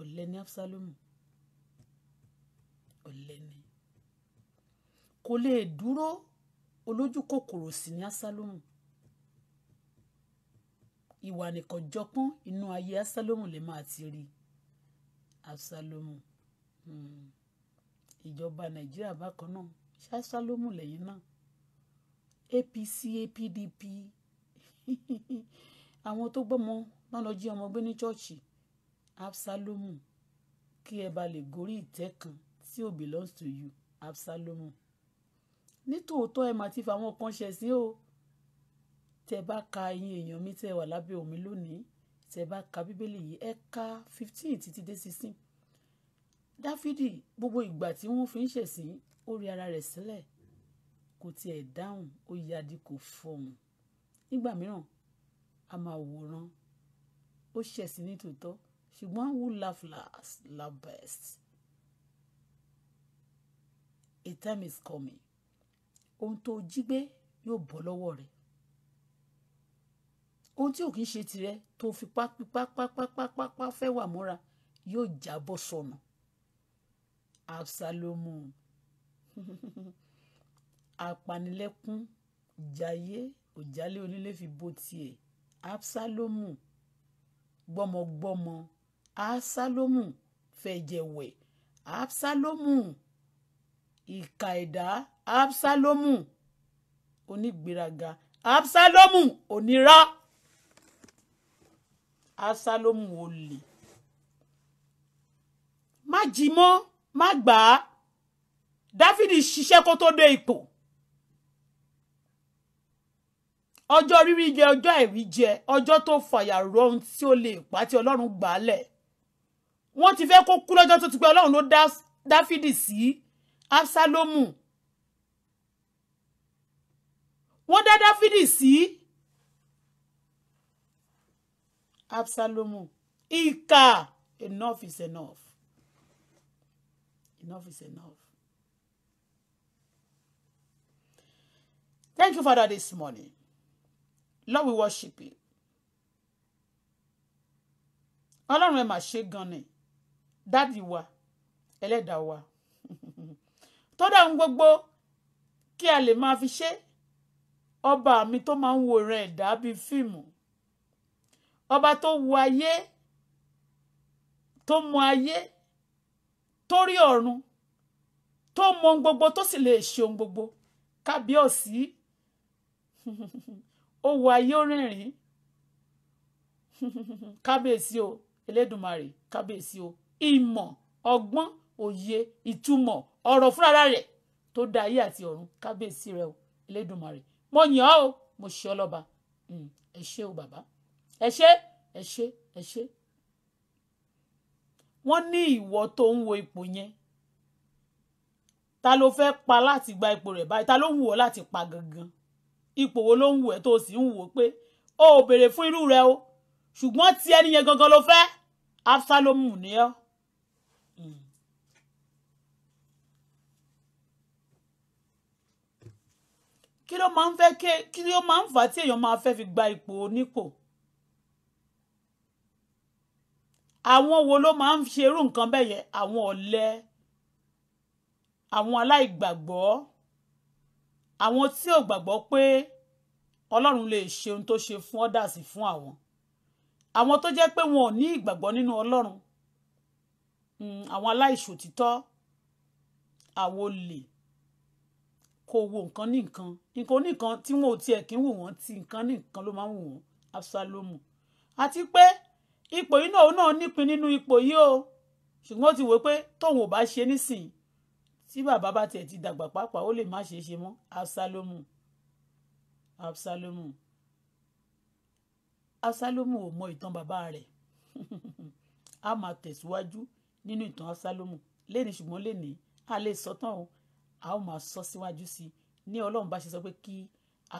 ọ̀lẹ́ni absalomu ọ̀lẹ́ni kò lè dúró olójú kòkòrò sí ní absalomu ìwà nìkan jọpọ́n inú ayé absalomu lè máa ti rí absalomu. Hmm ìjọba nàìjíríà bákan náà ṣáṣá ló mú lẹ́yìn náà apc apdp àwọn tó gbọ́mọ náà lọ jí ọmọ gbé ní chọ́ọ̀chì absalomu kí ẹ bá lè gorí ìtẹ́ kan tí ò belongs to you absalomu nítòótọ́ ẹ máa ti fa àwọn kan ṣẹ̀ sí o tẹ bá ka ẹ̀yin èèyàn mi tẹ wà lábẹ́ omi lónìí tẹ bá ka bíbélì yìí ẹ ka fifteen títí dé sixteen dáfídì gbogbo ìgbà tí wọ́n fi ń ṣẹ̀sín ó rí ara rẹ̀ sílẹ̀ kò tiẹ̀ dáhùn ó yadi kò fọhùn nígbà mìíràn a máa wòran ó ṣẹ̀sín ní tòótọ́ ṣùgbọ́n who laugh last laugh best a time is coming ohun tó jí gbé yóò bọ́ lọ́wọ́ rẹ̀ ohun tí ò kí ń ṣe tirẹ̀ tó fi pápápápápápá fẹ́ wà mọ́ra yóò jábọ́ sọnù. So absalomu apanilẹ́kún jayé òjálé onílé fi bó tiẹ̀ absalomu gbọ́mọgbọ́mọ absalomu fẹ̀jẹ̀wẹ̀ absalomu ìkà ẹ̀dá absalomu onígbéraga absalomu onírọ́ absalomu olè má jí mọ́ má gbà á dáfídì ṣiṣẹ́ kó tó dé ipò ọjọ́ rírí jẹ ọjọ́ ẹ̀rí jẹ ọjọ́ tó fàyà rọ ohun tí ó lè pa tí ọlọ́run gbà á lẹ̀ wọ́n ti fẹ́ kó kú lọ́jọ́ tó ti pẹ́ ọlọ́run ló dá dáfídì sí absalomu wọ́n dá dáfídì sí absalomu ìkà enough is enough. Enough is enough. Thank you, Father, this morning. Lord, we worship you. Ọlọ́run ẹ mà ṣe gan ni dádì wa ẹlẹ́dàá wa tó dá ohun gbogbo kí a lè máa fi ṣe ọba mi tó máa ń wo ìran ẹ̀dá bíi fíìmù ọba tó wo ayé tó mọ ayé tó rí ọ̀run tó mọ ohun gbogbo tó sì lè ṣe ohun gbogbo kábíọ̀sí ó wo ayé ó kábíyèsí o elédùnmarè kábíyèsí o ìmọ̀ ọgbọ́n òye ìtumọ̀ ọ̀rọ̀ fúnra rẹ̀ tó dá ayé àti ọ̀run kábíyèsí rẹ o elédùnmarè mo yàn ọ́ o mo ṣe ọ hmm, ẹ ṣé o bàbá ẹ ṣé ẹ ṣé ẹ ṣé wọ́n ní ìwọ tó ń wo ipò yẹn ta ló fẹ́ pa láti gba ipò rẹ̀ báyìí ta ló wù ọ́ láti pa gangan ipò wo ló ń wù ẹ́ tó o sì ń wù ó pé o ò béèrè fún irú rẹ o ṣùgbọ́n ti ẹni yẹn gangan ló fẹ́ Absalomu ni ọ́. Hmm. kí ló máa ń fẹ́ kí ló máa ń fà á tí èèyàn máa fẹ́ fi gba ipò onípò. àwọn wo ló máa ń ṣe irú nǹkan bẹ́ẹ̀ yẹn àwọn ọ̀lẹ àwọn aláìgbàgbọ́ àwọn tí ò gbàgbọ́ pé ọlọ́run lè ṣe ohun tó ṣe fún ọ́dàsí fún àwọn àwọn tó jẹ́ pé wọn ò ní ìgbàgbọ́ nínú ọlọ́run hmm, àwọn aláìṣòtítọ́ àwọn olè kò wo nǹkan ní nǹkan nǹkan oníkan tí wọn ò tiẹ̀ kí ń wù wọ́n ti nǹkan ní nǹkan ló máa ń wù wọ́n Absalomu àti pé ipò yìí náà náà nípin nínú ipò yìí o ṣùgbọ́n ó ti wò pé tóun ò bá ṣe nísìnyí tí bàbá bá tiẹ̀ ti dàgbà pàápàá ó lè má ṣe é ṣe mọ́ absalomu absalomu absalomu ò mọ ìtàn bàbá rẹ̀ a máa tẹ̀síwájú nínú ìtàn absalomu lẹ́ni ṣùgbọ́n lẹ́ni a lè sọ tán o a ó máa sọ síwájú sí i ní ọlọ́run bá ṣe sọ pé kí a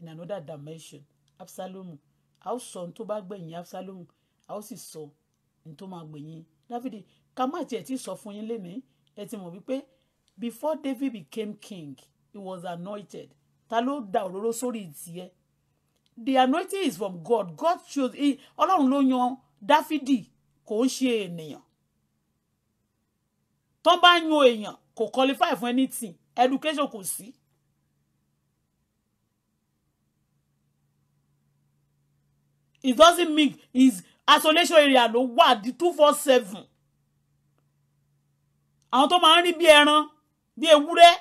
in another dimension absalomu a ó sọ ohun tó bá gbẹ̀yìn absalomu a ó sì sọ ní tó máa gbẹ̀yìn dáfídì ká má tiẹ̀ tí sọ fún yín lénìí ẹ ti mọ̀ wípé before david became king he was anointed ta ló da òróró sórí tiẹ̀ the anointing is from god god chose ọlọ́run ló yan dáfídì kò ń ṣe ènìyàn tó bá yan èèyàn kò qualify fún anything education kò sí. it doesn't mean is isolation area ló wà di two four seven àwọn tó máa ń rí bí ẹran bí ewúrẹ́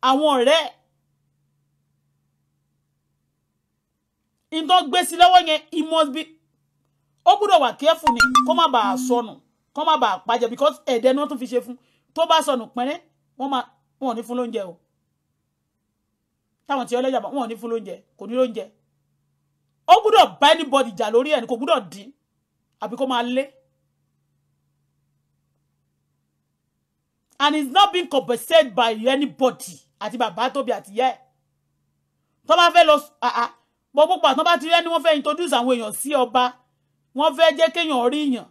àwọn ọ̀rẹ́ ìtọ́ gbé sí lọ́wọ́ yẹn it must be ó gbúdọ̀ wà careful ni kó má bàa sọnù kó má bàa pàjẹ́ because ẹ̀dẹ̀ náà tún fi ṣe fún tó bá sọnù pẹ́rẹ́ wọ́n máa wọ́n ò ní fún lóúnjẹ o táwọn tí ọlẹ́jà bá wọ́n ò ní fún lóúnjẹ kò ní lóúnjẹ ó gbúdọ̀ bá anybody jà lórí ẹ̀ ni kò gbúdọ̀ dín àbí kó máa lé. and it's not being compensated by anybody àti bàbá tóbi àti ìyá ẹ̀ tó bá fẹ́ lọ bọ́ púpọ̀ àti tó bá ti rí ẹni wọ́n fẹ́ introduce àwọn èèyàn sí ọba wọ́n fẹ́ jẹ́ kéèyàn rí èèyàn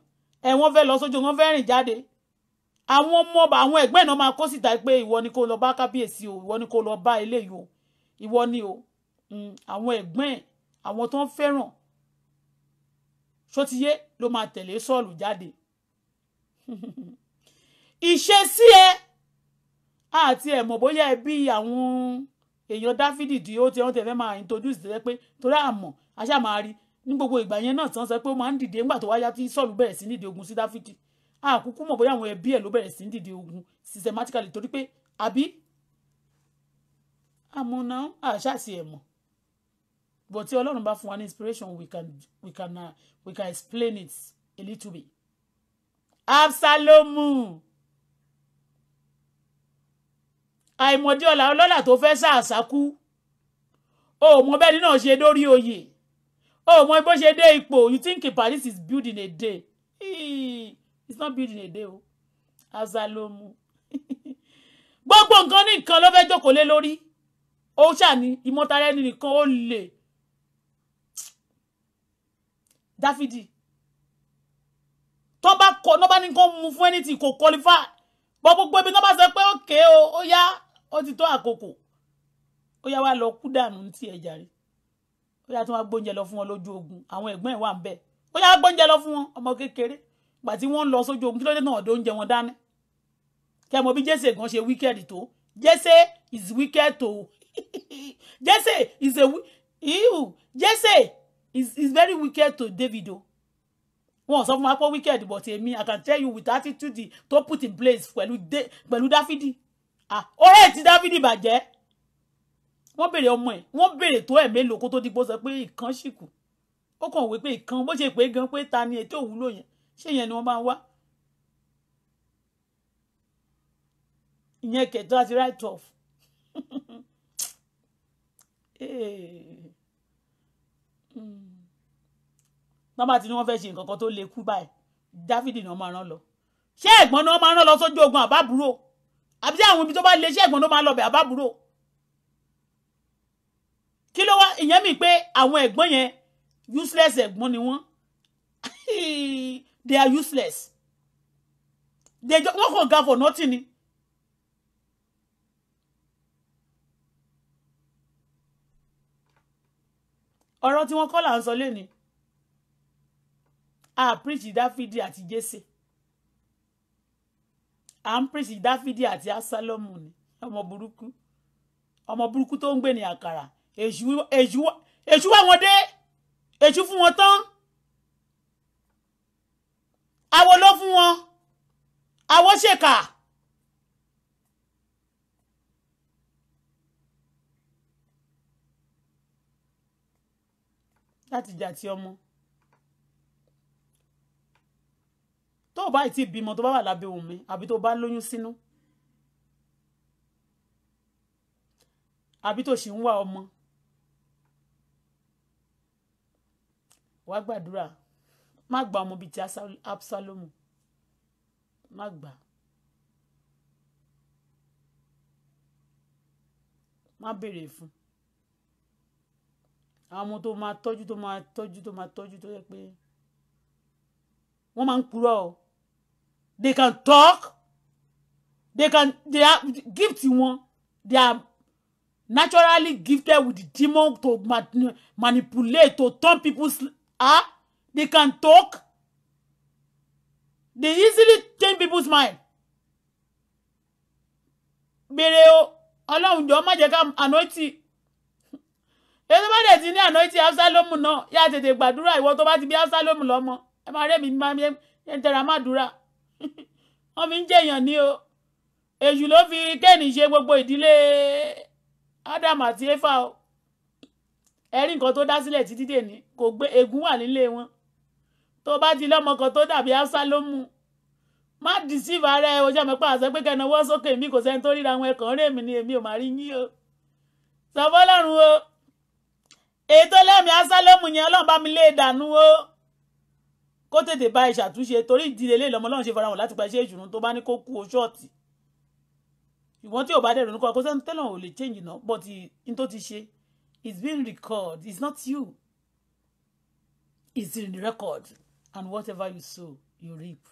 ẹ̀ wọ́n fẹ́ lọ sójú wọ́n fẹ́ rìn jáde àwọn ọmọ àwọn ẹgbẹ́ náà máa kó síta pé ìwọ ni kó lọ bá kábíyèsí o ìwọ ni kó lọ bá eléyìí o ìwọ ni o mm, àwọn ẹgbẹ́ ẹ̀ àwọn tó ń fẹ́ràn ṣótiyé ló máa tẹ̀lé sọ́ọ̀lù jáde ìṣesí ẹ àti ẹ̀mọ̀ bóyá ẹ bí àwọn èèyàn dáfídì tí ó ti wọ́n tẹ̀ fẹ́ máa introduce tẹ́lẹ̀ pé torí àmọ̀ aṣá máa rí ní gbogbo ìgbà yẹn náà tán sọ pé ó máa ń dìde nígbà tó wáyá tí sọ́ọ̀lù bẹ̀rẹ̀ sí nídìí ogun sí dáfídì àkúkú mọ̀ bóyá àwọn ẹbí ẹ̀ ló bẹ̀rẹ̀ sí nídìí ogun systematically torí pé àbí àmọ̀ náà àṣà sí ẹ̀mọ̀ but tí ọlọ́run bá fún wa ní inspiration we can we can uh, we can explain it a little bit. absalomu àìmọ̀dé ọ̀la ọlọ́lá tó fẹ́ sàṣàkú òmò bẹ́ẹ̀ni náà ṣe dórí oyè òmò bó ṣe dé ipò you think Paris is building a day it's not building a day o absalomu gbogbo nǹkan ní nǹkan ló fẹ́ jókòó lé lórí ó ṣàní ìmọ̀tara ẹni nìkan ó lè dáfídì tó bá kọ tó bá ní kó mu fún ẹni tí kò kọlifá bọ́ gbogbo ibi tó bá sọ pé òkè o ó yá ó ti tó àkókò ó yá wá lọ kú dànù ní ti ẹ̀jà rí ó yá tó wá gbóúnjẹ lọ fún wọn lójú ogun àwọn ẹ̀gbọ́n ẹ̀ wà ń bẹ̀ ó yá gbóúnjẹ lọ fún wọn ọmọ kékeré gbà tí wọ́n ń lọ sójú ogun kí ló dé náà dóúnjẹ wọn dání kẹmọ bí jésè gan ṣe wíkẹ́ẹ̀dì tó jésè is wicked to jésè is a ihu jésè it's it's very wicked to Davido. One, wọn sọ fún wicked but èmi I can tell you with attitude to put in place pẹ̀lú dé pẹ̀lú Dáfídì ah ọ̀rẹ́ ti Dáfídì bàjẹ́ wọ́n béèrè ọmọ ẹ̀ wọ́n béèrè tó ẹ̀ mélòó kó tó di bó sọ pé ìkan sì kù ó kàn wé pé ìkan bó ṣe pé gan pé ta ni ètò òwúlò yẹn ṣé yẹn ni wọ́n máa ń wá ìyẹn kẹtọ́ right off. hey tọ́ba hmm. tí wọ́n fẹ́ ṣe nǹkan kan tó lè kú báyìí dáfídì náà máa rán lọ ṣé ẹ̀gbọ́n náà máa rán lọ sójú ogun àbábúrò àbí tí àwọn ibi tó bá lè ṣé ẹ̀gbọ́n náà máa lọ bẹ̀ àbábúrò kí ló wá ìyẹn mi pé àwọn ẹ̀gbọ́n yẹn useless ẹ̀gbọ́n ni wọ́n they are useless they just wọ́n kàn ga for nothing ni ọ̀rọ̀ tí wọ́n kọ́ là ń sọ lẹ́ni à píríṣì dáfídì àti jésè à ń píríṣì dáfídì àti asálọ́mù ni ọmọ burúkú ọmọ burúkú tó ń gbé ní àkàrà èṣù wà wọ́n dé èṣù fún wọn tán àwo ló fún wọn àwo ṣèkà. láti jà ti ọmọ tó o bá ì tí ì bímọ tó bá wà lábẹ́ omi àbí tó o bá lóyún sínú àbí tó o sì ń wá ọmọ wá gbàdúrà má gba ọmọ bíi ti Absalomu má gbà má béèrè fún àwọn ọmọ tó máa tọ́jú tó máa tọ́jú tó máa tọ́jú tó yẹ pé wọ́n máa ń purọ́ o they can talk they can they are gift wọn they are naturally gifted with the demon to manipulate to turn people's ah they can talk they easily change people's mind bèrè o ọlọ́run jọ má jẹ́ ká anointing èyí tó bá dẹ̀ ti ní ànáyìí ti absalomu náà yá tètè gbàdúrà ìwọ tó bá ti bí absalomu lọ́mọ ẹ máa rẹ́mi máa ń tẹra má dúrà wọ́n fi ń jẹ̀yàn ní o èṣù ló fi kéènì ṣe gbogbo ìdílé Ádámù àti Éfà o ẹ̀rí nǹkan tó dá sílẹ̀ títí dèní kò gbé ègún wà nílé wọn tó bá ti lọ́mọ kan tó dàbí absalomu má deceive ara ẹ ojú àmọ́pá àṣẹ pé kẹ́ni ọwọ́ sókè mi kò sẹ́ni tó ríra wọn ẹ̀kọ́ rèmi ni èmi ò má rí yín o sọ fọlọ́run o ètò lẹ́mìí asálọ́mù yẹn ọlọ́run bá mi lé e dànù o kó tètè bá ẹ ṣàtúnṣe torí ìdílé ilé ìlọmọ ọlọ́run ṣe fara hàn láti pa iṣẹ́ ìṣùnú tó bá ní kó kú o ṣọ́ọ̀tì ìwọ́n tí ò bá dẹ̀rù nípa kó sẹ́ni tẹ́lọ̀ ò lè change náà but n tó ti ṣe it's been record it's not you it's in the record and whatever you sow you reap.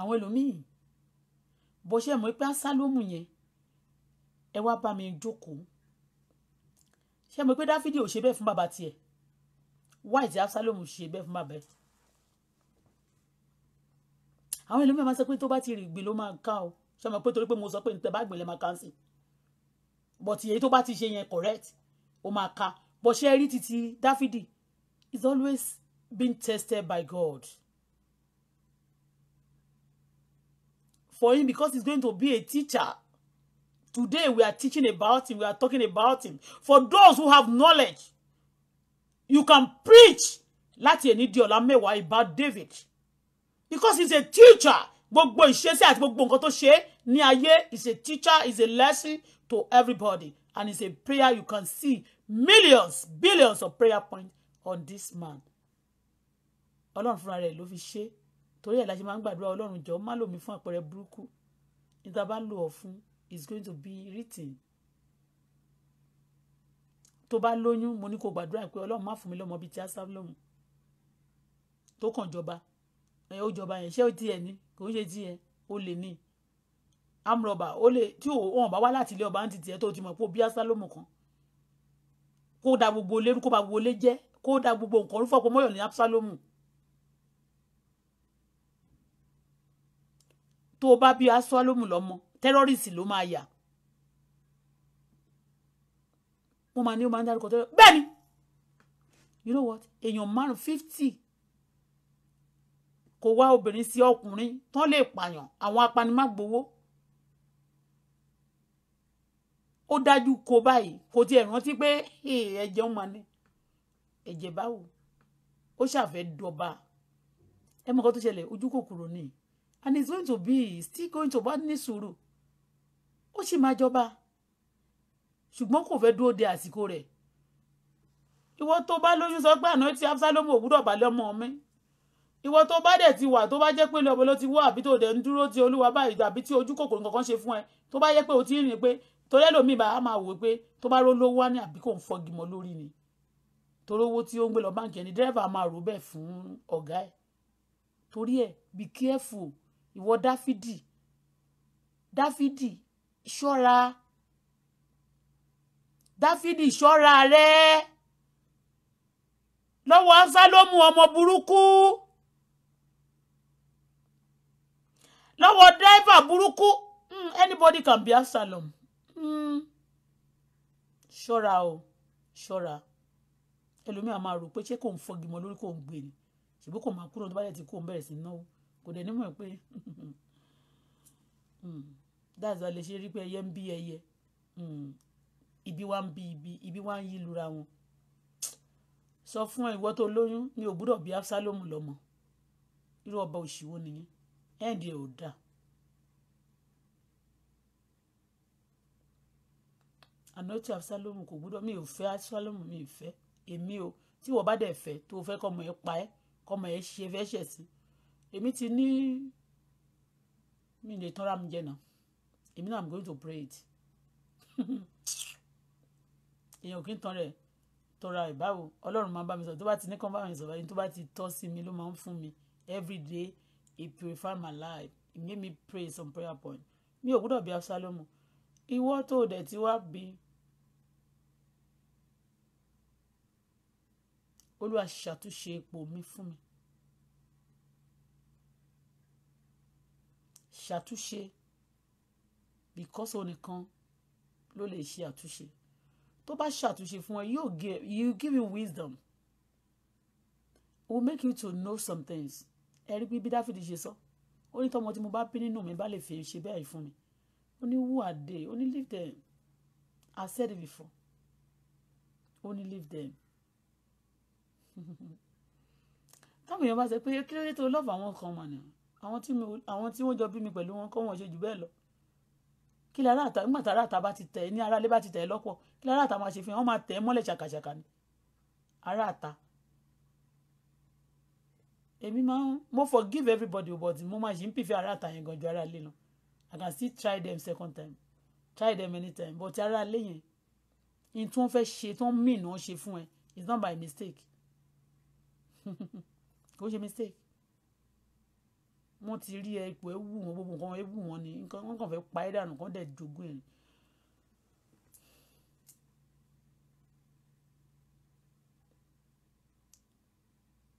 àwọn ẹlòmíì bó ṣe mọ̀ pé Absalomu yẹn ẹ wá bá mi jókòó ṣe mọ̀ pé Dáfídì ò ṣe bẹ́ẹ̀ fún bàbá tiẹ̀ wáì tí Absalomu ṣe bẹ́ẹ̀ fún bàbá ẹ̀ àwọn ìlú mi máa sọ pé tó bá ti rìn gbìn ló máa ká o ṣe mọ̀ pé torí pé mo sọ pé nǹkan bá gbìn lẹ́ máa ká sí but èyí tó bá ti ṣe yẹn correct ó máa ká bó ṣe rí títí Dáfídì is always being tested by God. for him because he's going to be a teacher. Today we are teaching about him. We are talking about him. For those who have knowledge, you can preach láti ẹni di ọ̀la mẹ́wàá about David because he's a teacher. Gbogbo ìṣesí àti gbogbo nǹkan tó ṣe ní ayé is a teacher is a lesson to everybody and is a prayer you can see millions billions of prayer points on this man. Ọlọ́run fúnra rẹ̀ ló fi ṣe torí ẹ̀ la ṣe máa ń gbàdúrà ọlọ́run jọ má lò fún àpẹẹrẹ burúkú níta bá lò ọ́ fún is going to be written tó bá lóyún mo ní kó gbàdúrà pé ọlọ́run má fún mi lọ́mọ bíi ti asylum tó kàn jọba ẹ ó jọba yẹn ṣé ó tiẹ̀ ni kò ń ṣe tiẹ̀ ó lè ní amrọ̀bà ó lè tí òun bá wá láti ilé ọba ń ti tiẹ̀ tó ti mọ̀ pé ó bí asylum kan kó da gbogbo lérú kó ba gbogbo lé jẹ́ kó da gbogbo nǹkan rúfọ̀ pọ̀ mọ́yọ̀ ní absalomu tó o bá bí asúálómù lọ́mọ tẹ́rọ́rìsì ló máa yà wọ́n máa ní ó máa ń dárúkọ tẹ́rọ bẹ́ẹ̀ ni you know what èèyàn márùn fifty kò wá obìnrin sí ọkùnrin tán lè pààyàn àwọn apanimágbowó ó dájú kó báyìí kò tiẹ̀ rántí pé ẹ̀jẹ̀ ń máa ní ẹ̀jẹ̀ báwo ó ṣàfẹ́ dọba ẹ mọ̀ kó tó ṣẹlẹ̀ ojú kòkòrò nìyí and it's going to be still going to bá ní sùúrù ó sì máa jọba ṣùgbọ́n kò fẹ́ dúró de àsìkò rẹ̀ ìwọ tó bá lóyún sọ pé àná tí Absalom òwúrọ̀ balẹ̀ ọmọ mi ìwọ tó bá dẹ̀ ti wà tó bá jẹ́ pé ilé ọmọ ló ti wọ àbí tó dẹ̀ ń dúró ti olúwa báyìí àbí tí ojú kòkòrò kankan ṣe fún ẹ tó bá yẹ pé o ti rìn pé to ẹlòmíì bá a máa wò pé tó bá ró lówó wá ní àbí kò ń ni torí owó tí ó ń gbé lọ ẹni dírẹ́fà máa rò bẹ́ẹ̀ fún ọ̀gá ẹ̀ torí ẹ̀ be careful ìwọ Dáfídì Dáfídì ṣọ́ra Dáfídì ṣọ́ra rẹ lọ́wọ́ Absalomu ọmọ burúkú lọ́wọ́ dẹ́fà burúkú mm, anybody can be Absalom mm. ṣọ́ra o ṣọ́ra ẹlòmíràn máa rò pé ṣé kò ń fọgìmọ̀ lórí kò ń gbé ni ṣùgbọ́n kò máa kúrò tó bá yẹ ti kó ń bẹ̀rẹ̀ sí náwó kò dẹ̀ ní mọ̀ pé dáàzà hmm, lè ṣe rí pé ẹyẹ ń bí ẹyẹ hmm, ibi wa ń bí ibi ibi wa ń yí lura wọn sọ fún ìwọ tó lóyún ní òbúrò bíi absalomu lọ́mọ irú ọba òṣìwò nìyẹn ẹǹdì ò dáa ànátì absalomu kò gbúdọ̀ mi ò fẹ́ absalomu mi ò fẹ́ èmi o tí wọ́n bá dẹ̀ fẹ́ tó fẹ́ kọ́mọ ẹ pa ẹ́ kọ́mọ ẹ ṣe fẹ́ ṣẹ̀ sí i èmi ti ní mi lè tọ́ra mi jẹ èmi náà i'm going to pray it èèyàn ò kí ń tan rẹ̀ tọra ẹ̀ báwo ọlọ́run máa bá mi sọ tó bá ti ní kán bá mi sọ báyìí tó bá ti tọ́ sí mi ló máa ń fún mi every day he purify my life he make me pray some prayer point mi ò gbọ́dọ̀ bí absalomu ìwọ tó o dẹ̀ ti wá bí olúwa ṣàtúnṣe ipò mi fún mi ṣàtúnṣe because onìkan ló lè ṣe àtúnṣe tó bá ṣàtúnṣe fún ẹ yóò give you give you wisdom it will make you to know some things ẹ rí bí dáfídì ṣe sọ ó ní tọmọ tí mo bá bí nínú mi bá lè fi ṣe bẹ́ẹ̀ fún mi ó ní who are they ó ní leave them I said it before ó ní leave them táwọn èèyàn bá sọ pé kí ló dé tó lọ́ọ̀fù àwọn kan mà nìyẹn àwọn tí mi àwọn tí wọ́n jọ bí mi pẹ̀lú wọn kọ́ wọn ṣe jù bẹ́ẹ̀ lọ kí lára àtà nígbà tára àtà bá ti tẹ̀ ní aráalé bá ti tẹ̀ lọ́pọ̀ kí lára àtà máa ṣe fi hàn wọ́n máa tẹ̀ mọ́lẹ̀ ṣàkàṣàkà ni ará àtà èmi máa ń mo forgive everybody but mo máa ṣe ń pìfẹ́ ará yẹn gan ju aráalé lọ I can still try them second time try them anytime but aráalé yẹn in tí wọ́n fẹ́ ṣe tí wọ́n mìíràn ṣe fún ẹ it's not by mistake kò ṣe mistake wọ́n ti rí ipò ewu wọn gbogbo nǹkan ewu wọn ni nǹkan wọ́n kàn fẹ́ pa ẹ́ dànù kán dẹ̀ jogún ẹ̀.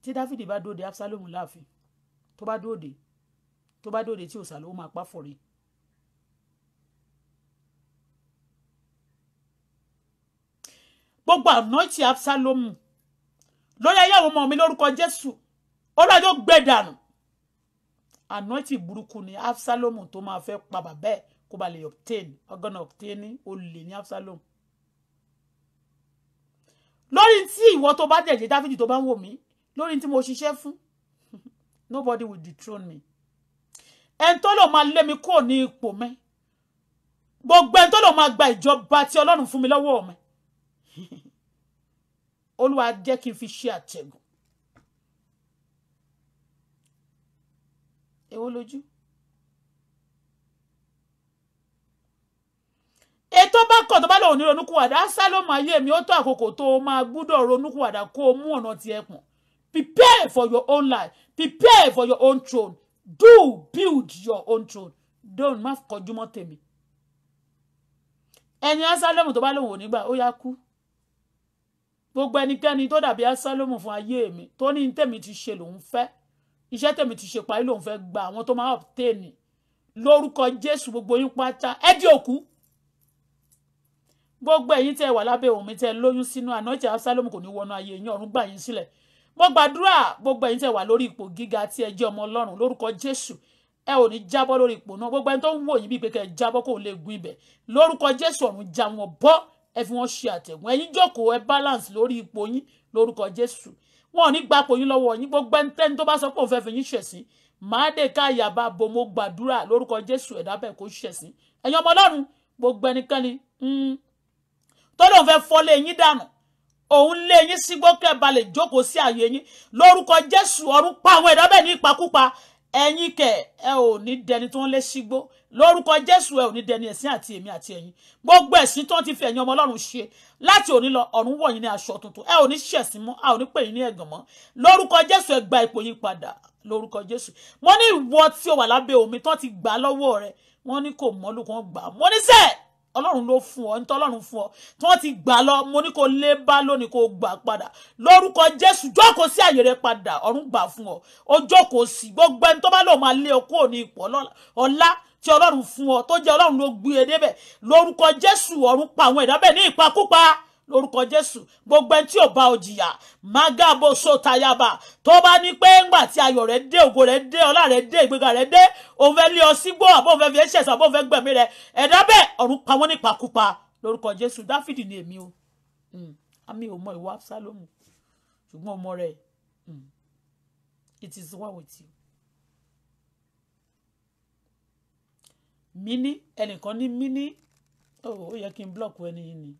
tí dáfídì bá dóde absalomu láàfin tó bá dóde tó bá dóde tí òsàlò ó máa pa fọ̀rẹ́. gbogbo ànáìtì absalomu lórí ayé àwọn ọmọ mi lórúkọ jésù ó lọ́jọ́ gbẹ dànù anointing burúkú ni Absalom tó máa fẹ́ pa bàbá ẹ̀ kó ba lè obtain ọgọ́nà obtain olè ní Absalom lórí tí ìwọ tó bá dẹ̀ jẹ́ Dáfídì tó bá ń wò mí lórí tí mo ṣiṣẹ́ fún nobody will dethrone me ẹni tó lò máa lé mi kúrò ní ipò mi gbogbo ẹni tó lò máa gba ìjọba tí Ọlọ́run fún mi lọ́wọ́ mi Olúwa jẹ́ kí n fi ṣe àtẹ̀gùn èwo lójú. ètò bá kọ̀ tó bá lòun ní ronúkúwàdà sá ló máa yé mi ó tó àkókò tó o máa gbúdọ̀ ronúkúwàdà kó o mú ọ̀nà tiẹ̀ pọ̀n prepare for your own life prepare for your own throne do build your own throne don má kọjú mọ́ tèmi ẹni asálọ́mù tó bá lòun ò ó yá kú gbogbo ẹnikẹ́ni tó dàbí asálọ́mù fún ayé mi tó ní tèmi ti ṣe lòun fẹ́ iṣẹ́ tèmi ti ṣe parí lòun fẹ́ gba àwọn tó máa obtain lórúkọ jésù gbogbo yín pátá ẹ di òkú gbogbo ẹ̀yin tẹ́ wà lábẹ́ òun mi tẹ́ lóyún sínú ànájẹ absalom kò ní wọnú ayé yín ọ̀run gbà yín sílẹ̀ mo gbàdúrà gbogbo ẹ̀yin tẹ́ wà lórí ipò gíga tí ẹ jẹ́ ọmọ ọlọ́run lórúkọ jésù ẹ ò ní jábọ́ lórí ipò náà gbogbo ẹni tó ń wò yín bíi pé kẹ́ ẹ jábọ́ kó lè gun ibẹ̀ lórúkọ jésù ọ̀run já wọn bọ́ ẹ fi wọn ṣe àtẹ̀gùn ẹ̀yin jókòó ẹ balance lórí ipò yín lórúkọ jésù wọn ò ní gba kò yín lọ́wọ́ yín gbogbo ẹni tó bá sọ pé òun fẹ́ fi yín ṣẹ̀sín máa dé ká yàbá bo mo gbàdúrà lórúkọ jésù ẹ̀dá bẹ́ẹ̀ kó ṣẹ̀sín ẹ̀yin ọmọ ọlọ́run gbogbo ẹnikẹ́ni mm, tó lóun fẹ́ fọ́ lé yín dànù òun lé yín sígbó kẹ́ balẹ̀ jókòó sí àyè yín lórúkọ jésù ọ̀run pa àwọn ẹ̀dá bẹ́ẹ̀ ní ìpakúpa ẹ̀yin kẹ̀ ẹ ò ní dẹni tó ń lé sígbó lórúkọ jésù ẹ ò ní dẹni ẹ̀sìn àti èmi àti ẹ̀yin gbogbo ẹ̀sìn tó ń ti fi ẹ̀yin ọmọ ọlọ́run ṣe láti òní lọ ọ̀run wọ̀nyí ní aṣọ tuntun ẹ ò ní ṣẹ̀sìn mọ́ a ò ní pè yín ní ẹ̀gàn mọ́ lórúkọ jésù ẹ gba ipò yín padà lórúkọ jésù mo ní ìwọ tí o wà lábẹ́ omi tó ti gbà lọ́wọ́ rẹ wọ́n ní kò mọ́lù kan gbà mo ní sẹ́ẹ̀ ọlọ́run ló fún ọ nítorí ọlọ́run fún ọ tí wọ́n ti gbà lọ mo ní kó lé bá lónìí kó gbà padà lórúkọ jésù jókòó sí àyè rẹ padà ọ̀run gbà fún ọ ó jókòó sí gbogbo ẹni tó bá lọ́ọ́ máa lé ọ kúrò ní ipò ọlá tí ọlọ́run fún ọ tó jẹ́ ọlọ́run ló gbé e débẹ̀ lórúkọ jésù ọ̀run pa àwọn ẹ̀dá bẹ́ẹ̀ ní ìpakúpa lórúkọ jésù gbogbo ẹni tí ò bá òjìyà magabo sotayaba tó bá ní pé ńgbà tí ayọ̀ rẹ̀ dé ògo rẹ̀ dé ọlá rẹ̀ dé ìgbéga rẹ̀ dé òun fẹ́ lé ọ sígbó àbóun fẹ́ fi ẹ́ ṣẹ̀sán àbóun fẹ́ gbẹ̀mí rẹ̀ ẹ̀dá bẹ́ẹ̀ ọ̀run pa wọ́n nípakúpa lórúkọ jésù dáfídì ni èmi o àmì hmm. ò mọ ìwọ absalomu ṣùgbọ́n ọmọ rẹ̀ hmm, it is one with you. mini ẹnìkan ní mini oh, ó yẹ kí n block ẹni yìí ni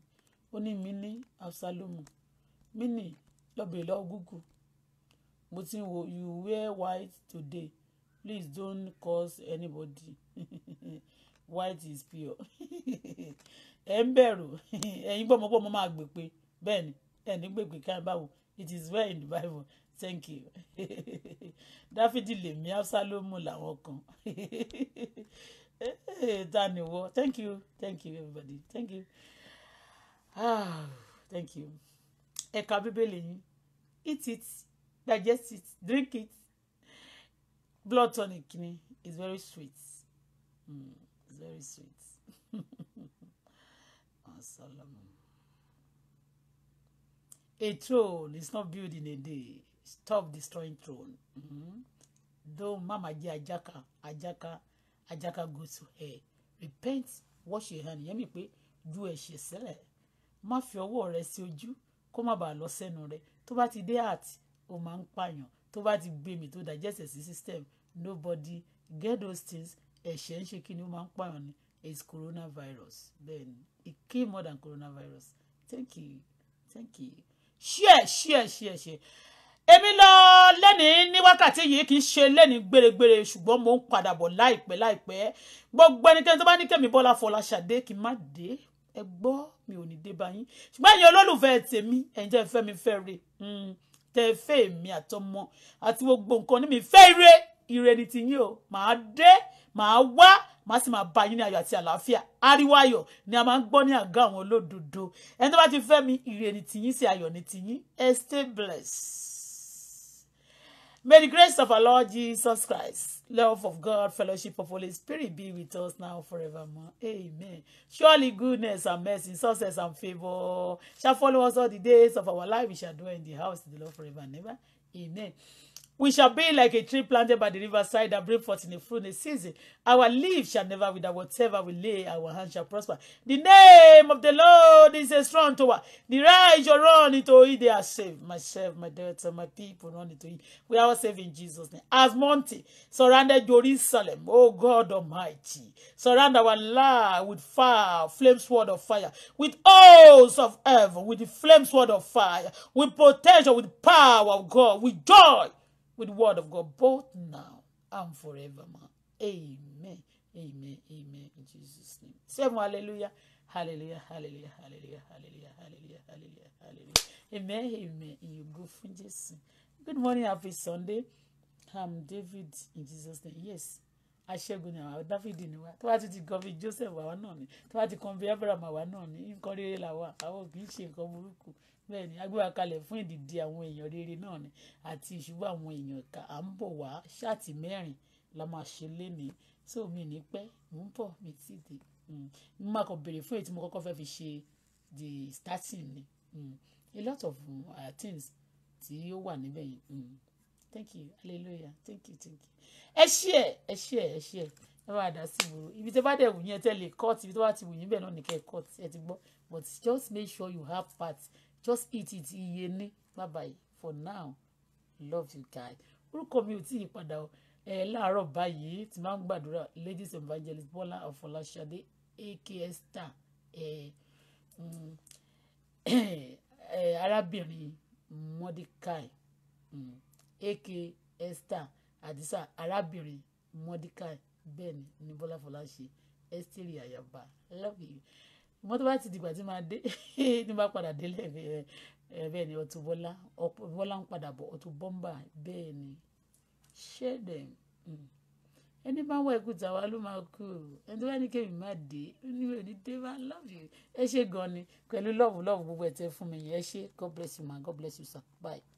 ó ní mi ní Absalomu mi ní lọ́bẹ̀rẹ̀ lọ́wọ́ Google mo ti wo you wear white today please don't cause anybody white is pure ẹ ń bẹ̀rù ẹ̀yin bọ́mọbọ́mọ máa gbèpè bẹ́ẹ̀ ni ẹ̀ ní gbèpè ká báwo it is well in the Bible thank you dáfídì lèmi absalomu làwọn kan eh, taniwọ thank you thank you everybody thank you ah thank you ẹ bíbélì yín eat it digest it drink it blood tonic ni is very sweet mm, it's very sweet asalamu a throne is not built in a day stop destroying throne mm-hmm. though mama jẹ ajaka ajaka ajaka go to hell repent wash your hand yẹn mi pé ju ẹ̀ṣẹ̀ sílẹ̀ má fi ọwọ́ rẹ sí ojú kó má bàa lọ sẹ́nu rẹ tó bá ti dé heart ó máa ń pààyàn tó bá ti gbé tó digest sí system nobody get those things ẹ̀ṣẹ̀ ń ṣe kí ni ó máa ń pààyàn ni it's coronavirus Then it came more than coronavirus thank you thank you share share share share èmi lọ lẹ́ni ní wákàtí yìí kì í ṣe lẹ́ni gbèrègbèrè ṣùgbọ́n mo ń padà bọ̀ láìpẹ́ láìpẹ́ gbogbo ẹnikẹ́ni tó bá ní kẹ́mi Bọ́lá Fọláṣadé kì í má dé ẹ gbọ́ mi ò ní dé bá yín ṣùgbọ́n ẹ̀yin olólùfẹ́ tèmi ẹ̀yin fẹ́ mi fẹ́ re hmm, tẹ́ fẹ́ mi àtọmọ àti gbogbo nǹkan ní mi fẹ́ ire ire ni ti yín o màá dé màá wá màá sì máa bá yín ní ayọ̀ àti àlàáfíà ariwo ayọ̀ ni a máa ń gbọ́ ní àgọ́ àwọn olódodo ẹni tó bá ti fẹ́ mi ire ni ti yín sí ayọ̀ ni ti yín ẹ stay blessed. May the grace of our Lord Jesus Christ, love of God, fellowship of Holy Spirit be with us now forevermore. Amen. Surely goodness and mercy, success and favor shall follow us all the days of our life. We shall dwell in the house of the Lord forever and ever. Amen. We shall be like a tree planted by the riverside that bring forth in the fruit in the season. Our leaves shall never wither, whatever we lay, our hands shall prosper. The name of the Lord is a strong tower. The righteous run into it, they are saved. Myself, my daughter, my people run into it. We are saved in Jesus' name. As Monty surrounded Jerusalem, O oh, God Almighty, surround our life with fire, flame sword of fire, with hosts of heaven, with the flame sword of fire, with protection, with power of God, with joy with the word of God both now and forevermore. Amen. Amen. Amen. In Jesus' name. Say hallelujah. Hallelujah. Hallelujah. Hallelujah. Hallelujah. Hallelujah. Hallelujah. Hallelujah. Amen. Amen. In your good Jesus. Good morning. Happy Sunday. I'm David in Jesus' name. Yes. aṣẹ́gun ni àwa dáfídì ni wa tó bá ti ti kan fi joseph àwa náà ni tó bá ti kan fi abraham àwa náà ni nǹkan rere làwa àwọn kì í ṣe nǹkan burúkú bẹ́ẹ̀ ni agbéra kalẹ̀ fún ìdìde àwọn èèyàn rere náà ni àti ìṣubú àwọn èèyàn ìka à ń bọ̀ wá ṣáàtì mẹ́rin la máa ṣe lénìí so mi ní pẹ́ mò ń bọ̀ mi ti dé hmm. mo máa kàn béèrè fún èyí tí mo kọ́kọ́ fẹ́ fi ṣe the starting ni mm. a lot of uh, things tí ó wà níbẹ̀ yìí mm. thank you hallelujah thank you thank you ẹ ṣe ẹ ṣe ẹ ṣe ẹ máa dá sí ìwòrò ibi tí ẹ bá dẹ̀ wù yín ẹ tẹ́ lè cut ibi tí wọ́n bá ti wù yín bẹ́ẹ̀ náà ní kẹ́ cut ẹ ti gbọ́ but just make sure you have part just eat it iye ní bye bye for now love you guys orúkọ mi ò tí ì padà o ẹ láàárọ̀ báyìí tí máa ń gbàdúrà ladies evangelist Bọ́lá Ọ̀fọláṣadé aks star ẹ mm, ẹ arábìnrin Mordecai mm, aks star adisa arábìnrin Mordecai bẹ́ẹ̀ ni ní Bọ́lá Fọláṣe Esteri Ayaba love you mọ́ tó bá ti dìgbà tí máa dé ní bá padà délé bẹ́ẹ̀ ni Auto Bola Auto Bola ń padà bọ̀ Auto Bọ́mbà bẹ́ẹ̀ ni ṣẹ́ẹ̀dẹ̀ hmm. ẹni bá wọ ẹkú tàwa ló máa kú ẹni tó bá ní kémi má dé ó ò ní dé bá love you ẹ ṣé gan ni pẹ̀lú love love gbogbo ẹ̀ tẹ́ fún mi ẹ ṣé God bless you ma God bless you sir bye.